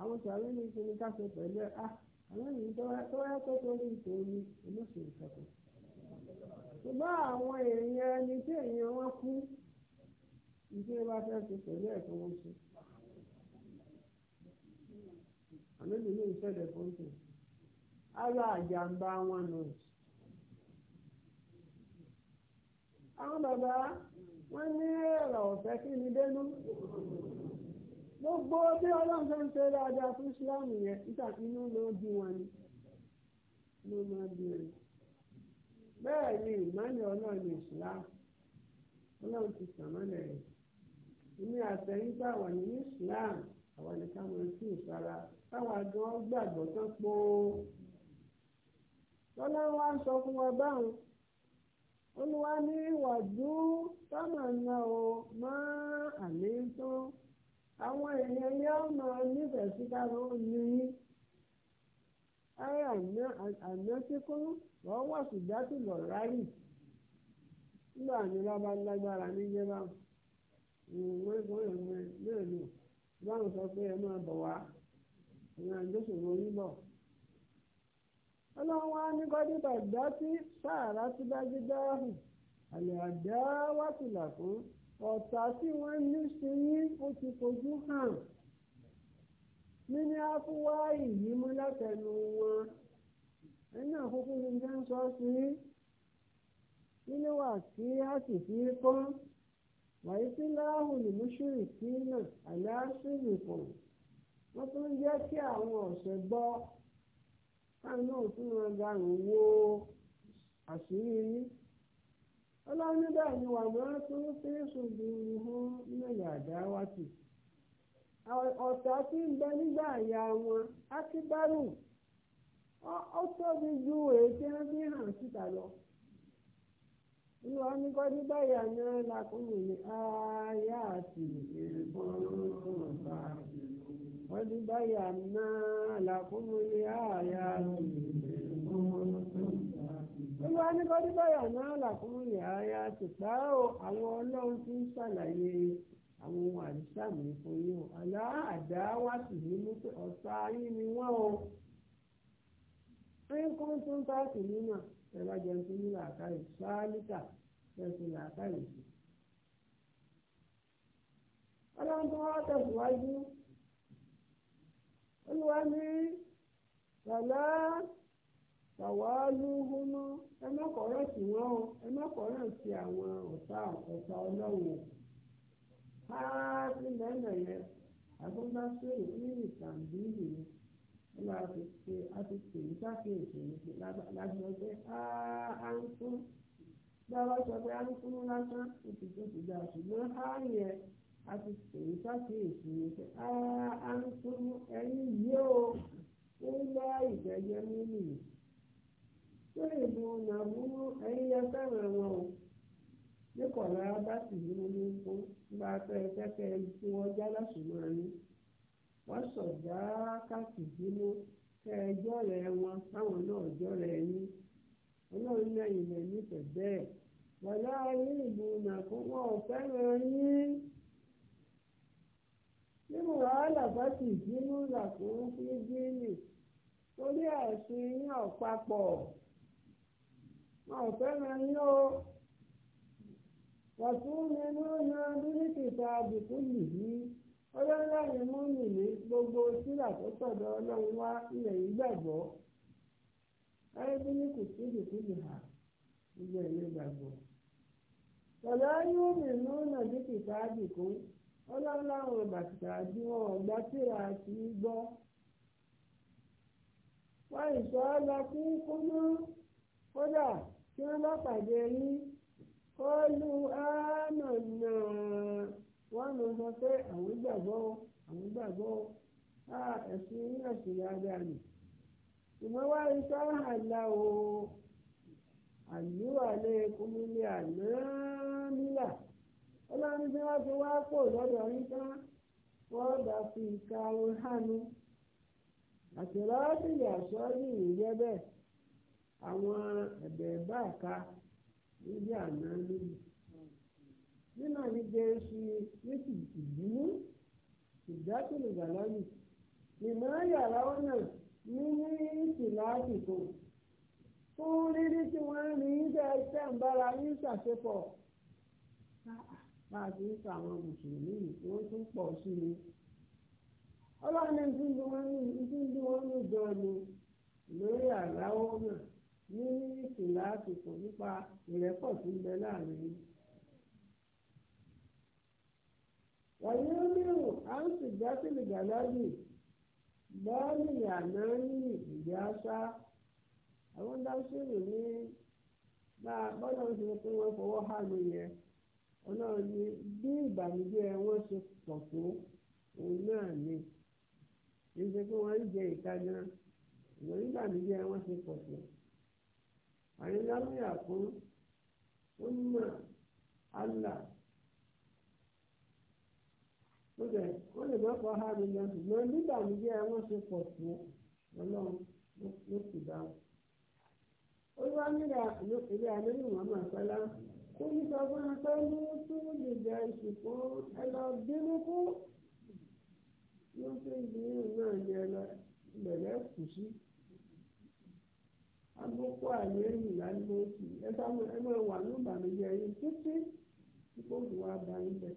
àwọn sàrẹ́ ní kí ah, ni pẹ̀lú ẹ̀ á àwọn yìí tó wáyé tó torí ìtòrí olóṣèlú ìṣẹ̀kùn ṣùgbọ́n àwọn èèyàn ẹni tí èèyàn wọn kú ìdí wa fẹ́ ṣe pẹ̀lú ẹ̀ tó wọ́n ṣe àlejò ní ìṣẹ̀lẹ̀ fọ́ńtò. ara àjàmbá wọn nù. àwọn bàbá wọn ní èrò ọ̀fẹ́ kí ni dénú gbogbo bí ọlọ́run ṣe ń ṣe dáadáa fún islam yẹn nígbà tí inú máa bí wọn ni bí bẹ́ẹ̀ ni ìmọ̀lẹ̀ ní islam ọlọ́run ti sàmọ́lẹ̀ rẹ̀ inú islam àwọn táwọn gbàgbọ́ lọ́lọ́wọ́ ń sọ fún wa báwọn olúwa ní na o máa àlè awọn àwọn èèyàn yóò máa nífẹ̀ẹ́ sí káàró ní ayé àná tí lọ rárí nígbà ní lábá lágbára ní jẹ́bá ìwé ìgbóyè mẹ́rin náà lò ọlọ́run wá ní gọ́díbà ìgbà tí sàárà ti dájú dáhùn àlè àdá wá tìlà fún ọ̀tá tí wọ́n ní sí yín ó ti fojú hàn níní áfúwá ìyí mú látẹnu wọn ẹni àkókò ní jẹ́ ń sọ sí nílé wà kí á sì fi kán wàyí sí láhùn ní mùsùlùmí sí náà àlẹ́ àṣírí kan wọ́n tún jẹ́ kí àwọn ọ̀sẹ̀ gbọ́. káwọn náà tún máa darùn wo àṣírí yín ọlọ́run bẹ́ẹ̀ ni wà máa tún fi ṣùgbọ́n hàn nílẹ̀ àdáwátì ọ̀tá tí ń bẹ nígbà wọn ó tóbi ju hàn síta lọ ìwà ní kọ́dí báyà náà wọ́n ti báyà náà làkúnmọ́lé ààyà Olúwa ní kọ́dí báyà náà làkúnmọ́lé ààyà ti pa ó àwọn ọlọ́run tí ń ṣàlàyé àwọn ohun àdìsàmì fún yín o aláàdá wá sì nínú pé ọ̀tá yín ni wọ́n o pé kó tó ń táàkì nínú ẹ̀rọ ajẹ́ntì ní làákàyè sáálítà ẹ̀sìn làákàyè sí. Ọlọ́run tó wá tẹ̀síwájú olúwa ní bàlá tàwálúhúnú ẹ má kọ̀rọ̀ sí wọn o ẹ má kọ̀rọ̀ sí àwọn ọ̀tá ọ̀tá ọlọ́run káàkiri lẹ́nà yẹn àgbọ́nbáṣẹ́rì ní ìtàǹdì ìlú ọlọ́ àfipè ìtàkìyèsí lágbọ́gbẹ́ á ń fún bá sọ pé á ń fún lásán ó ti tó ti dà ṣùgbọ́n á yẹ. a ti pèé sákìyèsí pé a ń fún ẹyin yìí o ń bá ìgbẹ́jẹ́ mímì tó ìlú nàbú ẹyin yẹ fẹ́ràn wọn o níkọ̀lá bá sì nínú ní fún bá fẹ́ kẹ́kẹ́ tí wọ́n já lásùmọ́ wọ́n sọ̀dá kẹ́ ẹjọ́ rẹ̀ wọn táwọn náà rẹ̀ ọlọ́run lẹ́yìn bẹ́ẹ̀ wọ́n wọn ò nínú wàhálà bá sì bínú là kó ń fi bínú torí àìsàn yín ọ̀pápọ̀ wọn ò o wàtún nínú na bíríkì ta àbùkù yìí ọlọ́lá ni mú mi ní gbogbo sílà tó tọ̀dọ̀ ọlọ́run wá ilẹ̀ ọlọ́láwọn bàtìkà àti wọn ọ̀gbá tí a ti gbọ́. wọ́n ìṣọ́ lọ kú kúnú kódà kí wọ́n bá pàdé yín kó lu áánà náà wọ́n lọ sọ pé àwọn gbàgbọ́ àwọn gbàgbọ́ ẹ̀sìn yín ẹ̀sìn dáadáa nì. ìmọ̀ wá iṣẹ́ àlà o àlùwalẹ̀ kúnlẹ̀ àná nílà. ó bá ní bí wọ́n ti wá pò lọ́dọ̀ yín tán wọ́n bá fi ìka hánú àtìrọ́ọ̀tì yàtọ̀ ní ìyẹ́ bẹ́ẹ̀ àwọn ẹ̀bẹ̀ báàka níbi àná níbi nínú ṣe ìdákùnrin yàrá ní ní ìtìláàtì tó fún rírí tí wọ́n rí ní ìdá ẹ̀ṣẹ̀ ń láti a ti ń sọ àwọn mùsùlùmí tí wọ́n tún pọ̀ sí ni. ọlọ́run ní ti ń bí wọ́n ní ti ń wọ́n ní ni lórí àláwọ́ náà ní ìsìnlá àtìkù nípa ìrẹ́pọ̀ tí ń bẹ láàrin wàyí ó ń sì já bọ́ọ̀lì àná ní ìgbà àwọn ní bá bọ́lá ń fọwọ́ ọlọ́run ní bí ìbànújẹ́ wọn ṣe pọ̀ tó òun náà ni ṣe pé wọ́n ń jẹ ìtajà ìwọ̀n ìbànújẹ́ wọn ṣe pọ̀ tó àyìn lárúyà fún wọn mọ àlà lóde wọn lè má kọ́ ha mi ṣùgbọ́n bí ìbànújẹ́ wọn ṣe pọ̀ tó ọlọ́run ló sì dáhùn. ó wá nílẹ̀ ilé àlejò mọ́mọ́ àpẹlá kó ní sọ tún dìjà ìsìnkú ẹ lọ ló fi ìdílé náà ní ẹ lọ kù sí. agbókò àyè ìlà ló sì ẹ sáwọn ẹ wà ní ìbànújẹ́ yìí títí tí kò fi wá ba ibẹ̀.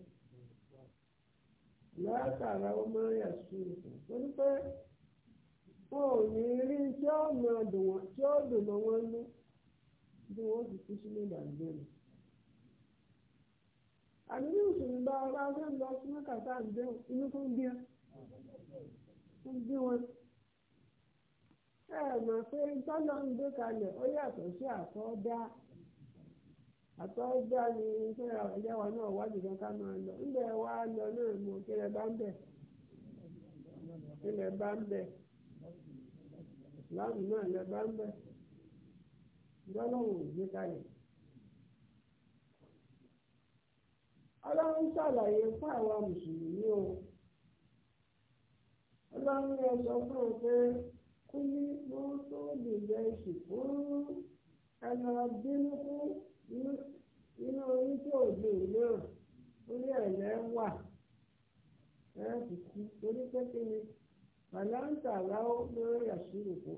látara ó máa yà sí ìfún torí wọn ò ní rí tí ó dùn mọ́ wọn ní bí wọ́n ti kú sínú ìbànújẹ́ rẹ̀. àbí ní òṣèlú bá ọba fẹ́ lọ sí mẹ́ta tá à ń jẹun inú tó ń bí ẹ tó ń bí wọn. ẹ mọ̀ pé tọ́lọ́ ń gbé kalẹ̀ ó yàtọ̀ sí àtọ́dá àtọ́dá ni ẹ̀yà wa náà wá jùlọ ká máa lọ lọ náà kílẹ̀ bá ń bẹ̀ kílẹ̀ bá ń ọlọ́run ṣàlàyé fún àwa mùsùlùmí o ọlọ́run yẹn sọ fún un pé kú ní wọ́n tó lè lẹ fún ẹnu bínú kú inú orí tí òde lè orí ẹ̀rẹ́ wà ẹ̀ sì kú torí pé kí ni bàláńtà láwọ́ lórí àṣírí fún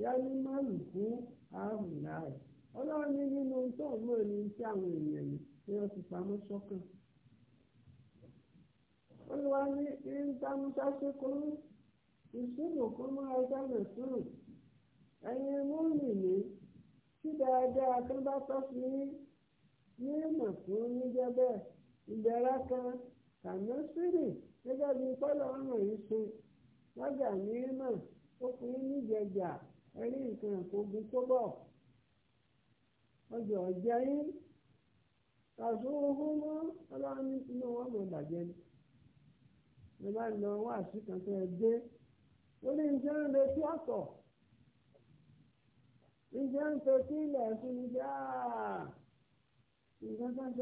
ya n'ime márùn ahụ ààrùn láàrẹ ọlọ́run ní nínú tó ń mọ̀ ní tí àwọn èèyàn ní ni wọ́n ti pamọ́ sọ́kàn. olùwà ní ìńtàmúta ṣe kún ìṣirò kún máa dáná sùn n'ihe múlì ní tí dáadáa kan kàná sírì gẹ́gẹ́ ẹrí nǹkan ẹ̀kọ́ ogun tó bọ̀ ọjọ́ ọ̀jẹ́ yín kàṣó owó mọ́ ọlọ́run ní wọn mọ̀ bàjẹ́ ni ẹ bá lọ wá sí kan ẹ dé ń ọ̀tọ̀ ń o ìgbà ń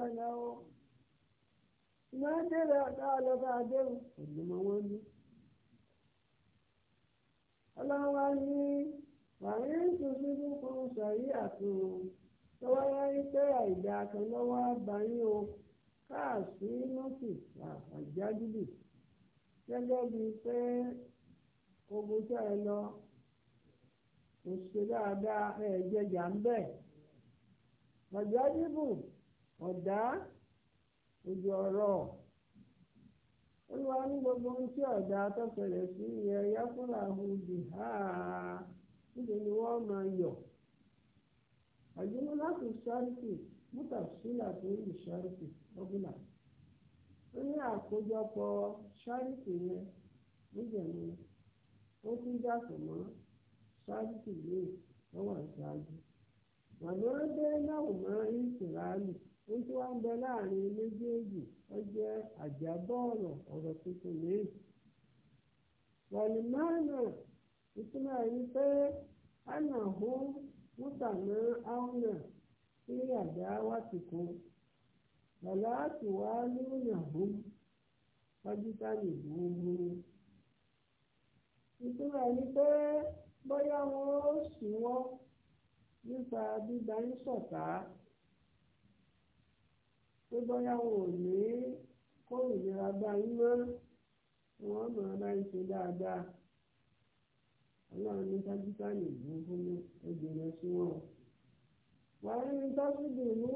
àdéhùn wọn ọlọ́run wá wàrí ìtúsí púpọ̀ sọ̀rí àtúnwò lọ́wọ́ wáyé pé àìdá kan n'ọnwa àbáyín o káàsì mọ́tì àjádìbì gẹ́gẹ́ bíi pé ogun tẹ́ ẹ lọ kò ṣe dáadáa ẹ jẹjà ń gbogbo ọda níbi ni wọ́n máa yọ̀ àjùmọ̀lá tó ṣáàrìkì mútà sílà tó ń lù ṣáàrìkì ọ̀gbìnà ó ní àkójọpọ̀ ṣáàrìkì yẹn níjẹ̀mú ó tún jàpọ̀ mọ́ ṣáàrìkì yìí lọ́wọ́ ìṣáájú wàlúwà máa ń ó ń bẹ láàrin méjèèjì ó jẹ́ ìtumọ̀ ẹni pé ana hu mùsànà áhùnà sí àdá wá ti kú bàlá àti wá lónà hu pàjùtà nìbú burú. ìtumọ̀ ẹni pé bóyá wọn ó sùn wọ́n nípa bíbá ń ṣọ̀tá pé bóyá wọn ò ní kó ìlera bá yín mọ́ wọn máa bá ń ṣe dáadáa. ọlọ́run ní sájúkánì ìlú fún ẹgbẹ̀rún sí wọn. wàá ní tọ́sídì mú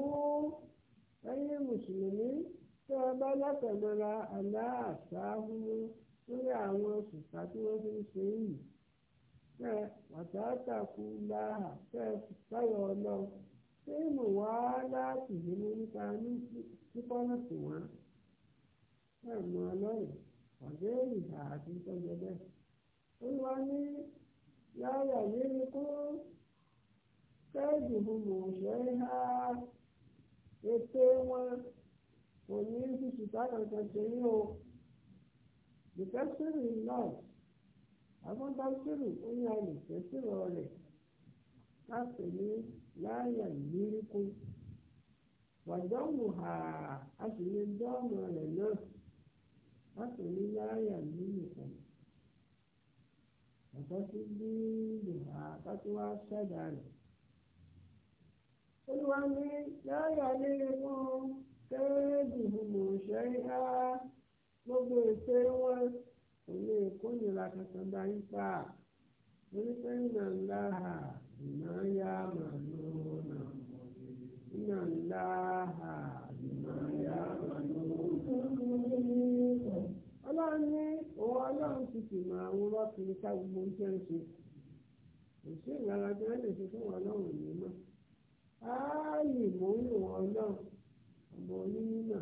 ẹ̀yin mùsùlùmí tí wọ́n bá látọ̀mọ́ra aláàṣà fún lórí àwọn òṣìṣà tí wọ́n fi ń ṣe yìí. tẹ kú láhà tẹ tí mò wá láti nípa nípa láti wọ́n. láyà nínú kó kẹ́ẹ̀dù gbogbo ha ètè wọn kò ní bí ṣùgbọ́n o ìfẹ́sìrì náà àfọ́ńtàṣìrì ó ní àlùfẹ́sìrì rẹ̀ láti ní láyà ha ní ní ẹ̀tọ́ sí dị àkátúwá ha rẹ̀. olúwa ní yáyà lé wọn kẹ́rẹ́dì gbogbo ha á gbogbo ète wọn kò lè kó ńlá iná nà iná ńlá òun ọlọ́run ti sì mọ àwọn ọlọ́kùnrin ká gbogbo ń ń ṣe kò sí ìlara tí wọ́n lè ṣe fún ọlọ́run ní mọ́ ááyì mò ń lò wọ́n náà ọmọ onímọ̀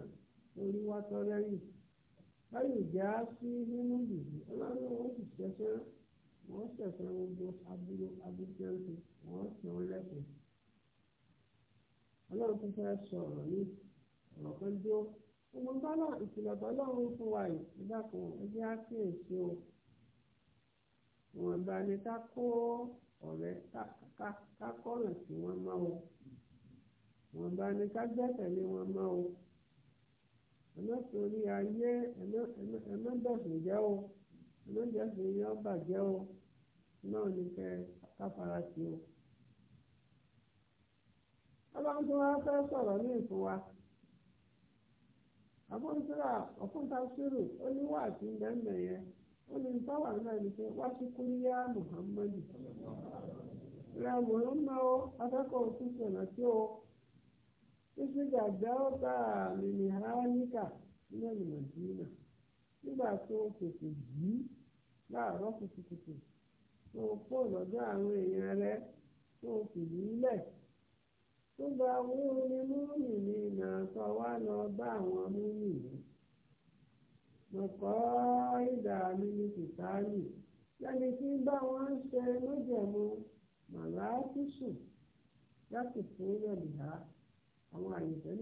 orí wá tọ́ lẹ́yìn báyìí ìjà sí nínú ìdìbò ọlọ́run wọn sì ṣẹṣẹ́ wọ́n ṣẹ̀ṣẹ̀ gbogbo abúlé abúlé wọ́n sì wọ́n lẹ́kọ̀ọ́ ọlọ́run tó fẹ́ sọ̀rọ̀ ní ọ̀rọ̀ kan dúró òmùtọ́lọ̀ ìkìlọ̀tọ̀ lọ́run fún wa yìí ìdákun ẹjẹ́ á kíyèsí o ìwọ̀nba ni ká kó ọ̀rẹ́ ká kọ̀ràn sí wọn mọ́ o ìwọ̀nba ni ká gbẹ́kẹ̀lé wọn mọ́ o ẹlẹ́sìnrí ayé ẹlẹ́dẹ̀sìn jẹ́ o ẹlẹ́dẹ̀sìn yẹ́ ọ bàjẹ́ o náà ni kẹ́ káfara sí o. ọlọ́run tí wọ́n fẹ́ sọ̀rọ̀ ní ìfún wa. àbọ̀nsíra ọ̀fúntàṣírù ó ní wà sí mẹ́mẹ́ yẹn ó ní tọ́wà náà ní pé wá sí kúríyá muhammadu rẹ muhammad ó isi òtútù abịa tí ó títí gàdá ọ̀tá nne háníkà ní ẹ̀yìn tụba òun ni na náà sọ wá lọ bá àwọn múmìnì mọ̀kọ́ ìdá mímí kìtàlì lẹ́ni tí ń bá wọn ṣe lójẹ̀mú màláàkùsù láti fún yọ̀dìhá àwọn àyẹ̀fẹ́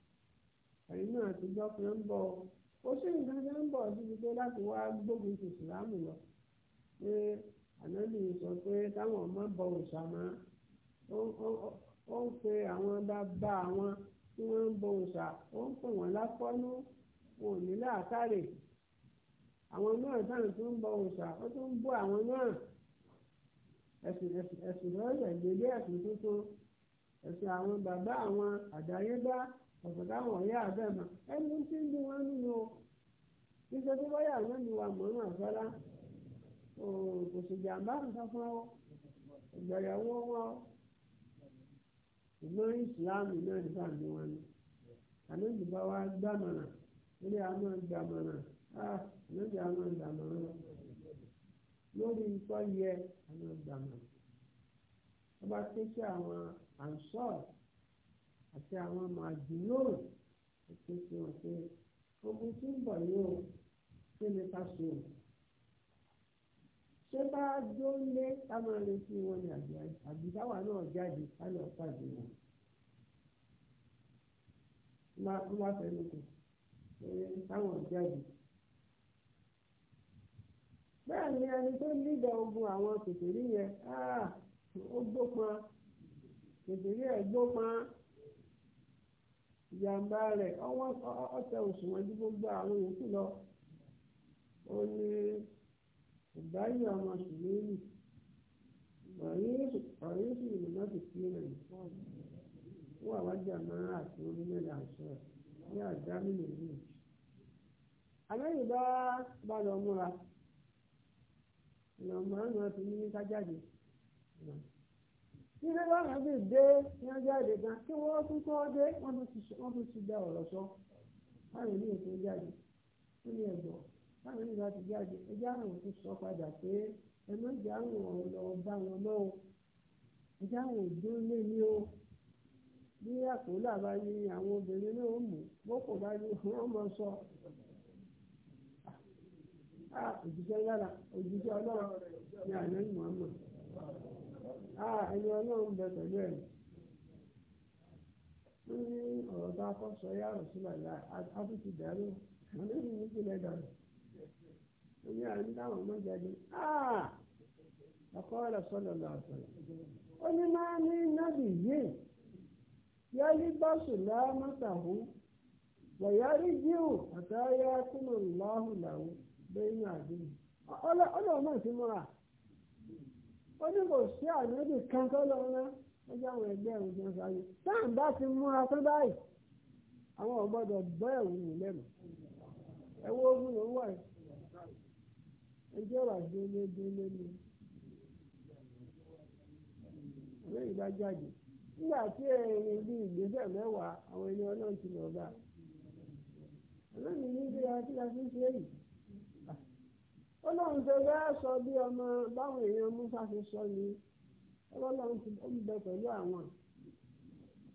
ẹ̀yin náà ti gbọ́ pé ń bọ̀ ó sì ń dájọ́ ń bọ̀ síbi pé láti wá gbógun ti ìsìlámù lọ pé ànábì sọ pé táwọn ọmọ bọ òòṣà mọ́ ó ń pe àwọn bàbá àwọn tí wọ́n ń bọ òòṣà ó ń pè wọ́n lápọ́nú wọn ò ní láàkárè àwọn náà táwọn tó ń bọ òòṣà ó tún ń bọ àwọn náà ẹ̀sìn ẹ̀sìn lọ́sẹ̀ gbélé ẹ̀sìn tuntun ẹ̀sìn àwọn bàbá àwọn àdáyébá ọ̀pọ̀dá wọ̀nyí àbẹ̀ mọ́ ẹni tí ń bí wọn nínú o níṣẹ́ tó báyà lónìí wa mọ̀ náà fẹ́lá kò sì jàǹbá nǹkan fún ìgbàyàwó wọn ìgbọ́n ìsìláàmù náà nípa ní wọn ni àlejò bá wa gbàmọ̀ràn ilé àmọ́ gbàmọ̀ràn àlejò àmọ́ gbàmọ̀ràn lórí ikọ́ yẹ àmọ́ gbàmọ̀ràn ọba tẹ́sí àwọn àǹsọ́ọ̀ àti àwọn màjúlóò ètò fi hàn pé ogun tí ń bọ̀ yìí ó ṣe lè ká so o ṣé bá dó lé ká máa retí wọn ni àbíkáwà náà jáde ká lọ pàdé wọn ló bá fẹnu kù táwọn jáde. bẹ́ẹ̀ ni ẹni tó nígbà ogun àwọn kòtòrí yẹn ah, ó gbópọn kòtòrí ẹ̀ gbópọn. ìjàmbá rẹ̀ ọwọ́ ọ̀tẹ̀ òṣùwọ̀n ju gbogbo àwọn yòókù lọ ó ní ìbáyé ọmọ sùlẹ́ẹ̀lì ọ̀rẹ́sì ìmọ̀nà ti fi rẹ̀ wọ́n àwájà máa àti orílẹ̀-èdè àṣọ ní àdámì nìyí. àlẹ́yìn bá lọ múra ti ní nígbà báwọn bí dé wọn jáde gan kí wọ́n tún tó dé wọ́n tún ti dá ọ̀rọ̀ sọ báwọn ní ètò jáde ó ní ẹ̀gbọ́n ní jáde ẹjẹ́ àwọn sọ padà pé àwọn ọ̀rọ̀ bá wọn o ẹjẹ́ àwọn òjò lé ní o bí àkólà bá yí àwọn obìnrin náà mú bókò bá yí ẹni ọlọ́run bẹ pẹ̀lú ẹ̀ ní ọ̀rọ̀ tá a kọ́ sọ yàrá sílẹ̀ láì á dàrú a ẹni ní kílẹ̀ dàrú ó àrùn táwọn ọmọ jáde àkọọ́lẹ̀ sọ́dọ̀ lọ àtọ̀lẹ̀ ó ní máa ní nábì yálí jíù àtàyà kúmọ̀ bẹ́ẹ̀ ní àdúgbò ọlọ́run náà ti ó ní kò sí ànábì kan tó lọ rán ó jẹ́ àwọn ẹgbẹ́ ẹ̀rù jẹun sáyé táà ń bá ti E tó báyìí àwọn ò gbọ gbọ́ ẹ̀rù nì lẹ́nu ogun ló wà wà ni jáde nígbà tí bí ìgbésẹ̀ mẹ́wàá a fi ń ṣe yìí. ọlọ́run tó bẹ́ẹ̀ sọ bí ọmọ báwọn èèyàn musa ṣe sọ ni ọlọ́run ti ń bẹ pẹ̀lú àwọn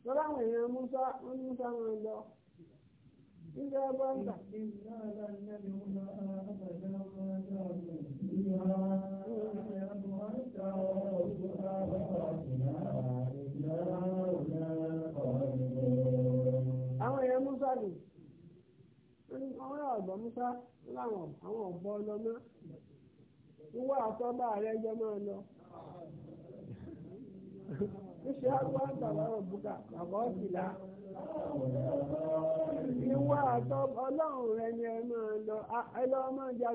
lọ́dọ̀ àwọn èèyàn musa wọ́n ní musa máa lọ nígbà ń ìwọ àtọ́bà rẹ jọ máa lọ. Iṣẹ́ agbó àtàwọn bùkà bàbá ọ̀sìlá. Ìwọ àtọ́ ọlọ́run rẹ nye ẹ lọ,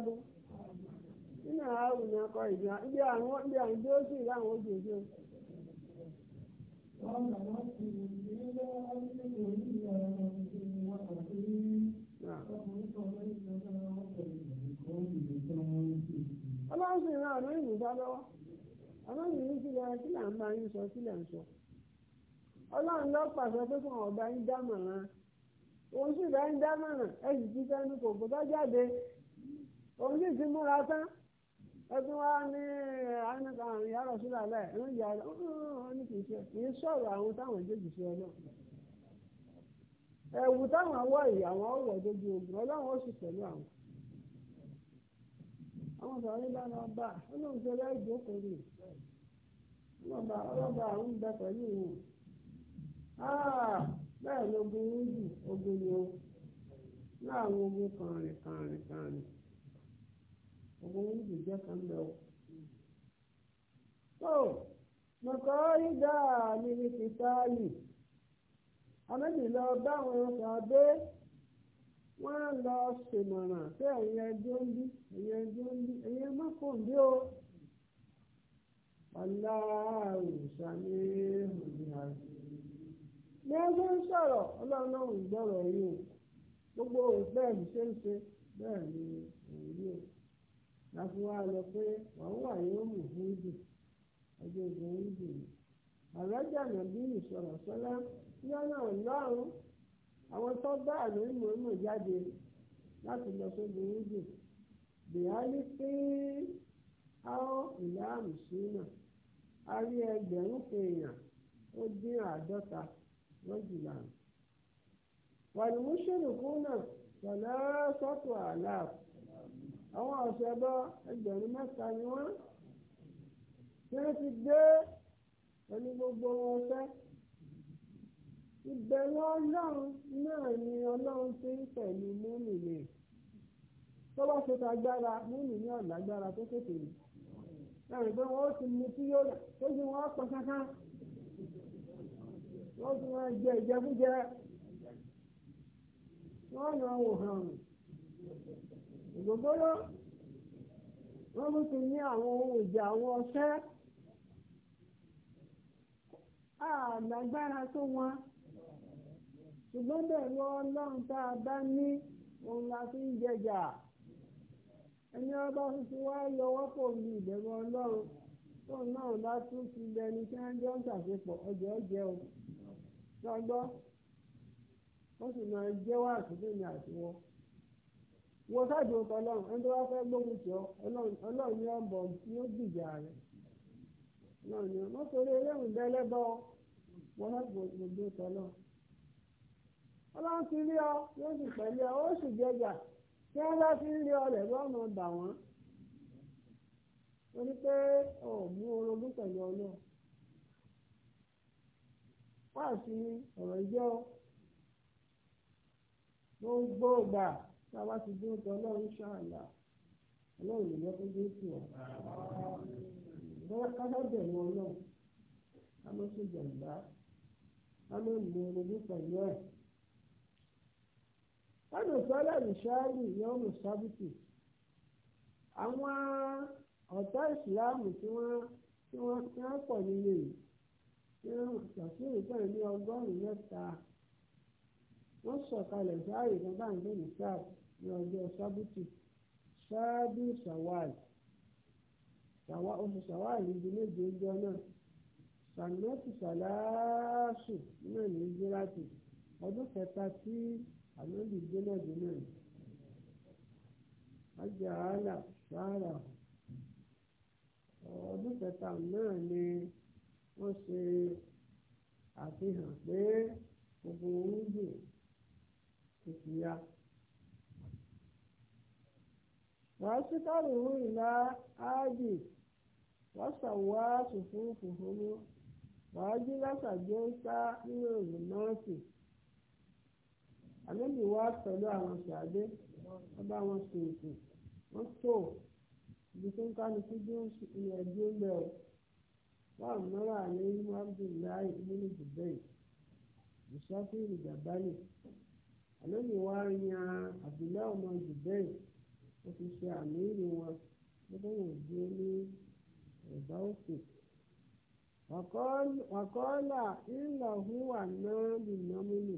lọ Nínú àárùn ni ọkọ ìgbà, ibi àwọn ibi àwọn tí ó sì láwọn òjòjò. Yeah. ọlọ́run sì ọ̀nà àná ìmùsá lọ́wọ́ ọlọ́run ní sílẹ̀ sílẹ̀ ń bá yín sọ sílẹ̀ ń sọ ọlọ́run lọ pàṣẹ ọba yín dámọ̀ràn òun sì bá yín dámọ̀ràn ti sẹ́nu kò kó jáde òun sì ti múra tán ní sílẹ̀ alẹ́ kì í ṣe kì í sọ̀rọ̀ àwọn táwọn ọ ẹ̀wù àwọn sàárè bá lọ bá ọlọ́run tó lọ ìjókòó rè ọlọ́ba ọlọ́ba àwọn ń bẹ pẹ̀lú wọn ah, bẹ́ẹ̀ ló burú jù ogun ni o láàrin ogun kànrin kànrin kànrin ogun oníjì jẹ́ kan bẹ o. tó nǹkan rí dáa ní ní kìtáàlì àmẹ́jì lọ bá àwọn ọkọ̀ abẹ́. wọ́n lọ ṣèmọ̀ràn pé ẹ̀yin ẹjọ́ ń bí ẹjọ́ ń bí ẹ̀yin o. aláàrùn ní òní àti. bí wọ́n ń sọ̀rọ̀ ọlọ́run náà ń gbọ́rọ̀ o gbogbo bẹ́ẹ̀ ṣe ń ṣe bẹ́ẹ̀ ni èyí o. láti wá lọ pé wà mú fún ìdì ọjọ́ ìgbà àwọn tó bá àlóyún mọ̀ọ́mọ̀ jáde láti lọ sóbi rúdù bìhálí pé áó ìlà àmùsùnà a rí ẹgbẹ̀rún èèyàn ó dín àádọ́ta lọ́jìlá wàlúwúṣẹ́lù kúnà pẹ̀lú sọ́tò àláàfù àwọn ọ̀sẹ̀ bọ́ ẹgbẹ̀rún mẹ́ta ni wọ́n tí wọ́n ti gbé onígbogbo wọn fẹ́. ìbẹ̀rù ọlọ́run náà ni ọlọ́run ti ń pẹ̀lú múnìlè tó bá ṣe tagbára múnìlè ọ̀lágbára tó kéde rè ẹ̀rì pé wọ́n ti mú tí yóò tó ṣe wọ́n pọ̀ kankan wọ́n ti wọ́n jẹ ìjẹkújẹ wọ́n yàn wò hàn ògógóró wọ́n ṣùgbọ́n bẹ̀rù ọlọ́run tá a bá ní òun la fi ń jẹjà ẹni ọba tuntun wá lọ́wọ́ kò ní ìbẹ̀rù ọlọ́run tóun náà látún ti lẹni tí wọ́n ń ṣàṣepọ̀ ọjọ́ jẹ́ o lọ́gbọ́ ó sì máa ní sáàdì ọlọ́run ẹni tó ọlọ́run ti ọ yóò sì pẹ̀lú ọ ó sì jẹjà tí wọ́n bá fi rí ọ rẹ̀ lọ́nà bà wọ́n torí pé ò mú orogún pẹ̀lú ọlọ́run wá ọ̀rọ̀ ìjọ gbogbo ìgbà tá a bá ti dúró tọ ọlọ́run ṣáàlà ọlọ́run yẹ kó dé sí ọ ọlọ́run ká ló ká ló orogún pẹ̀lú ẹ̀. ọ̀nà sọ́lá nìṣáàlì yọ̀ọ̀mù sábìtì àwọn ọ̀tá ìsìláàmù tí wọ́n tí wọ́n tí wọ́n pọ̀ nílé yìí tí wọ́n sàkíyèsí pẹ̀lú ní ọgọ́rùn-ún mẹ́ta wọ́n sọ̀kalẹ̀ sáàyè kan bá ń gbé ní sáàf ní ọjọ́ sábìtì sáàbì sàwáàlì oṣù sàwáàlì ibi méje ọjọ́ náà sàmẹ́tì sàlásù náà ní ìdíláàtì ọdún kẹta tí. àlóòlì gbéná gbéná ni ajá àhálà sáárà ọdún kẹta náà ni wọ́n ṣe àfihàn pé gbogbo oúnjẹ ìpìyà. wàásùkárùn-ún ìlà áàdì wàásàwá sùfúrufùfúrú wàájú lásàjọ àlejò wá pẹ̀lú àwọn ṣàdé wọ́n bá wọn sùn sùn wọ́n tó ibi tó ń kálukú bí ó ilẹ̀ bí ó ń bẹ̀ ọ́ wọ́n mọ́ra àlẹ́ inú abdullahi ibùdó dubai ìṣàfihàn ìjàbálẹ̀ àlejò wá yan abdullahi ọmọ dubai ó fi ṣe àmì ìrìn wọn gbọ́dọ̀ wọ́n dúró ní ẹ̀bá òkè. wàkọ́ọ́là ìlà hùwà náà lè nà mí nù.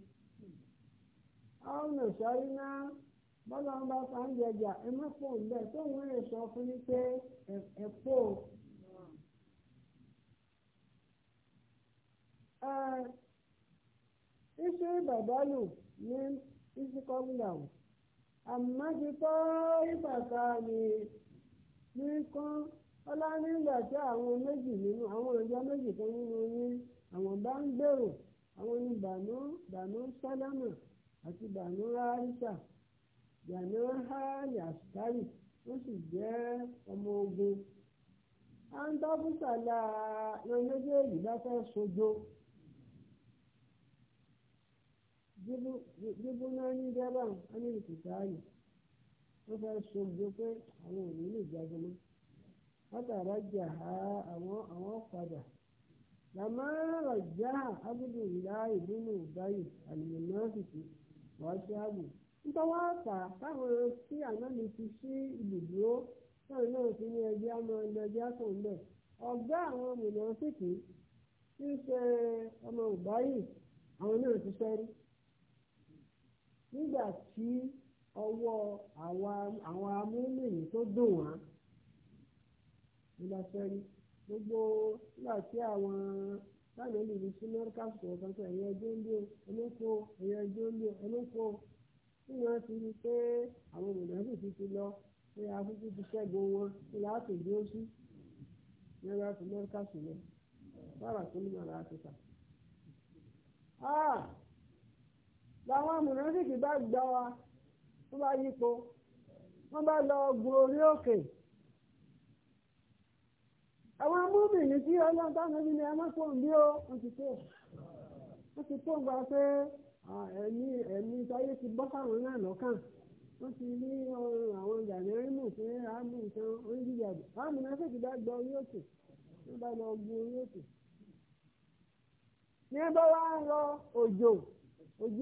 ọ̀nà sọ́rí náà bọ́lá ń bá fa ń jẹjà ẹ má pò ń bẹ̀ sọ fún mi pé ẹ pò. iṣẹ́ ìbàdàlù ní ìsìkọ́gbìlàwò àmọ́ ti tọ́ ìbàtà ni ní kán ọlá nígbà tí àwọn méjì nínú àwọn ìjọ méjì kan nínú yín àwọn bá ń gbèrò àwọn ni àti bànú ráríṣà bànú hàní àṣìkárì ó sì jẹ́ ọmọ ogun andabusa la lọ bá fẹ́ sojo jíbú náà ní jẹ́bà ọ́nà ìkùtàáyì wọ́n fẹ́ sojo pé àwọn òní lè jáde mọ́ látara jà á àwọn padà làmárọ̀ já ábùdù ìlà ìdúnnù báyìí àlùmọ́ọ́sì wàṣíàbù nítorí wàá fà á táwọn tí ànáni ti ṣí ibùdó náà náà fi ní ẹgbẹ́ ọmọ ẹgbẹ́ àwọn í ṣe ọmọ ìbáyì àwọn náà ti sẹ́rí nígbà tí ọwọ́ àwọn amúnìyàn tó dùn láàmì ìlú sí mẹ́ríkà sọ̀rọ̀ kan pé ẹ̀yẹ ẹjọ́ ń o ẹlẹ́kọ ẹ̀yẹ ẹjọ́ ń bí o ẹlẹ́kọ tí wọ́n ti rí pé àwọn mọ̀nàbí ti lọ pé akwụkwọ ti ṣẹ́gun nwa kí láti dúró sí mẹ́ríkà sí mẹ́ríkà sílẹ̀ sára tó ní màrà àtìkà. Ah! làwọn mọ̀nàbí lọ àwọn amóbìnrin tí ọlọ́run táwọn ẹbí ni ẹ má pọ̀ bí ó wọ́n ti tó wọ́n ti tó gba pé ẹ̀mí ẹ̀mí táyé ti bọ́ sáwọn náà lọ́kàn wọ́n ti ní àwọn nǹkan náà fẹ́ẹ́ ti bá gbọ́ orí òkè wọ́n bá lọ orí òkè. ní bá wá ń òjò ojú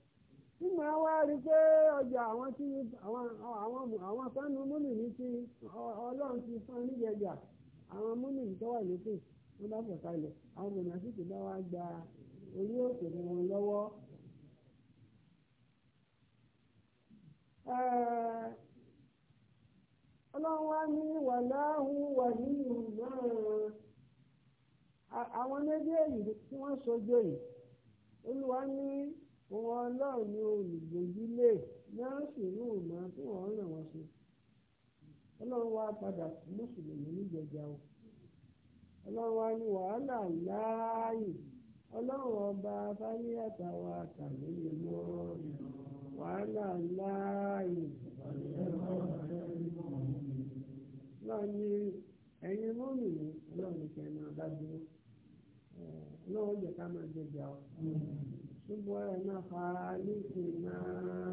tí a wá rí pé ọjà àwọn tí àwọn àwọn sánú múmìnì tí ọlọ́run ti fún níjẹjà àwọn múmìnì tó wà lókè wọ́n bá fọ̀ kalẹ̀ àwọn mọ̀nàfíìsì bá wá gba orí òkè wọn lọ́wọ́. ọlọ́run wá ní wàláhùn náà àwọn méjèèjì tí wọ́n sojú olúwa ní. òun ọlọ́run ni olùgbòjúlé náà sì ń tí wọ́n ràn wọ́n ṣe ọlọ́run wá padà mùsùlùmí níjẹjà o ọlọ́run wá ní wàhálà láàyè ọlọ́run ọba fáyẹ́tà wa tàbí wàhálà láàyè ọlọ́run ní ẹ̀yin mọ́mìnì ọlọ́run kẹ́ máa bá dúró ọlọ́run jẹ́ ká máa gbogbo ẹ̀ náà fara ní ìsìn náà.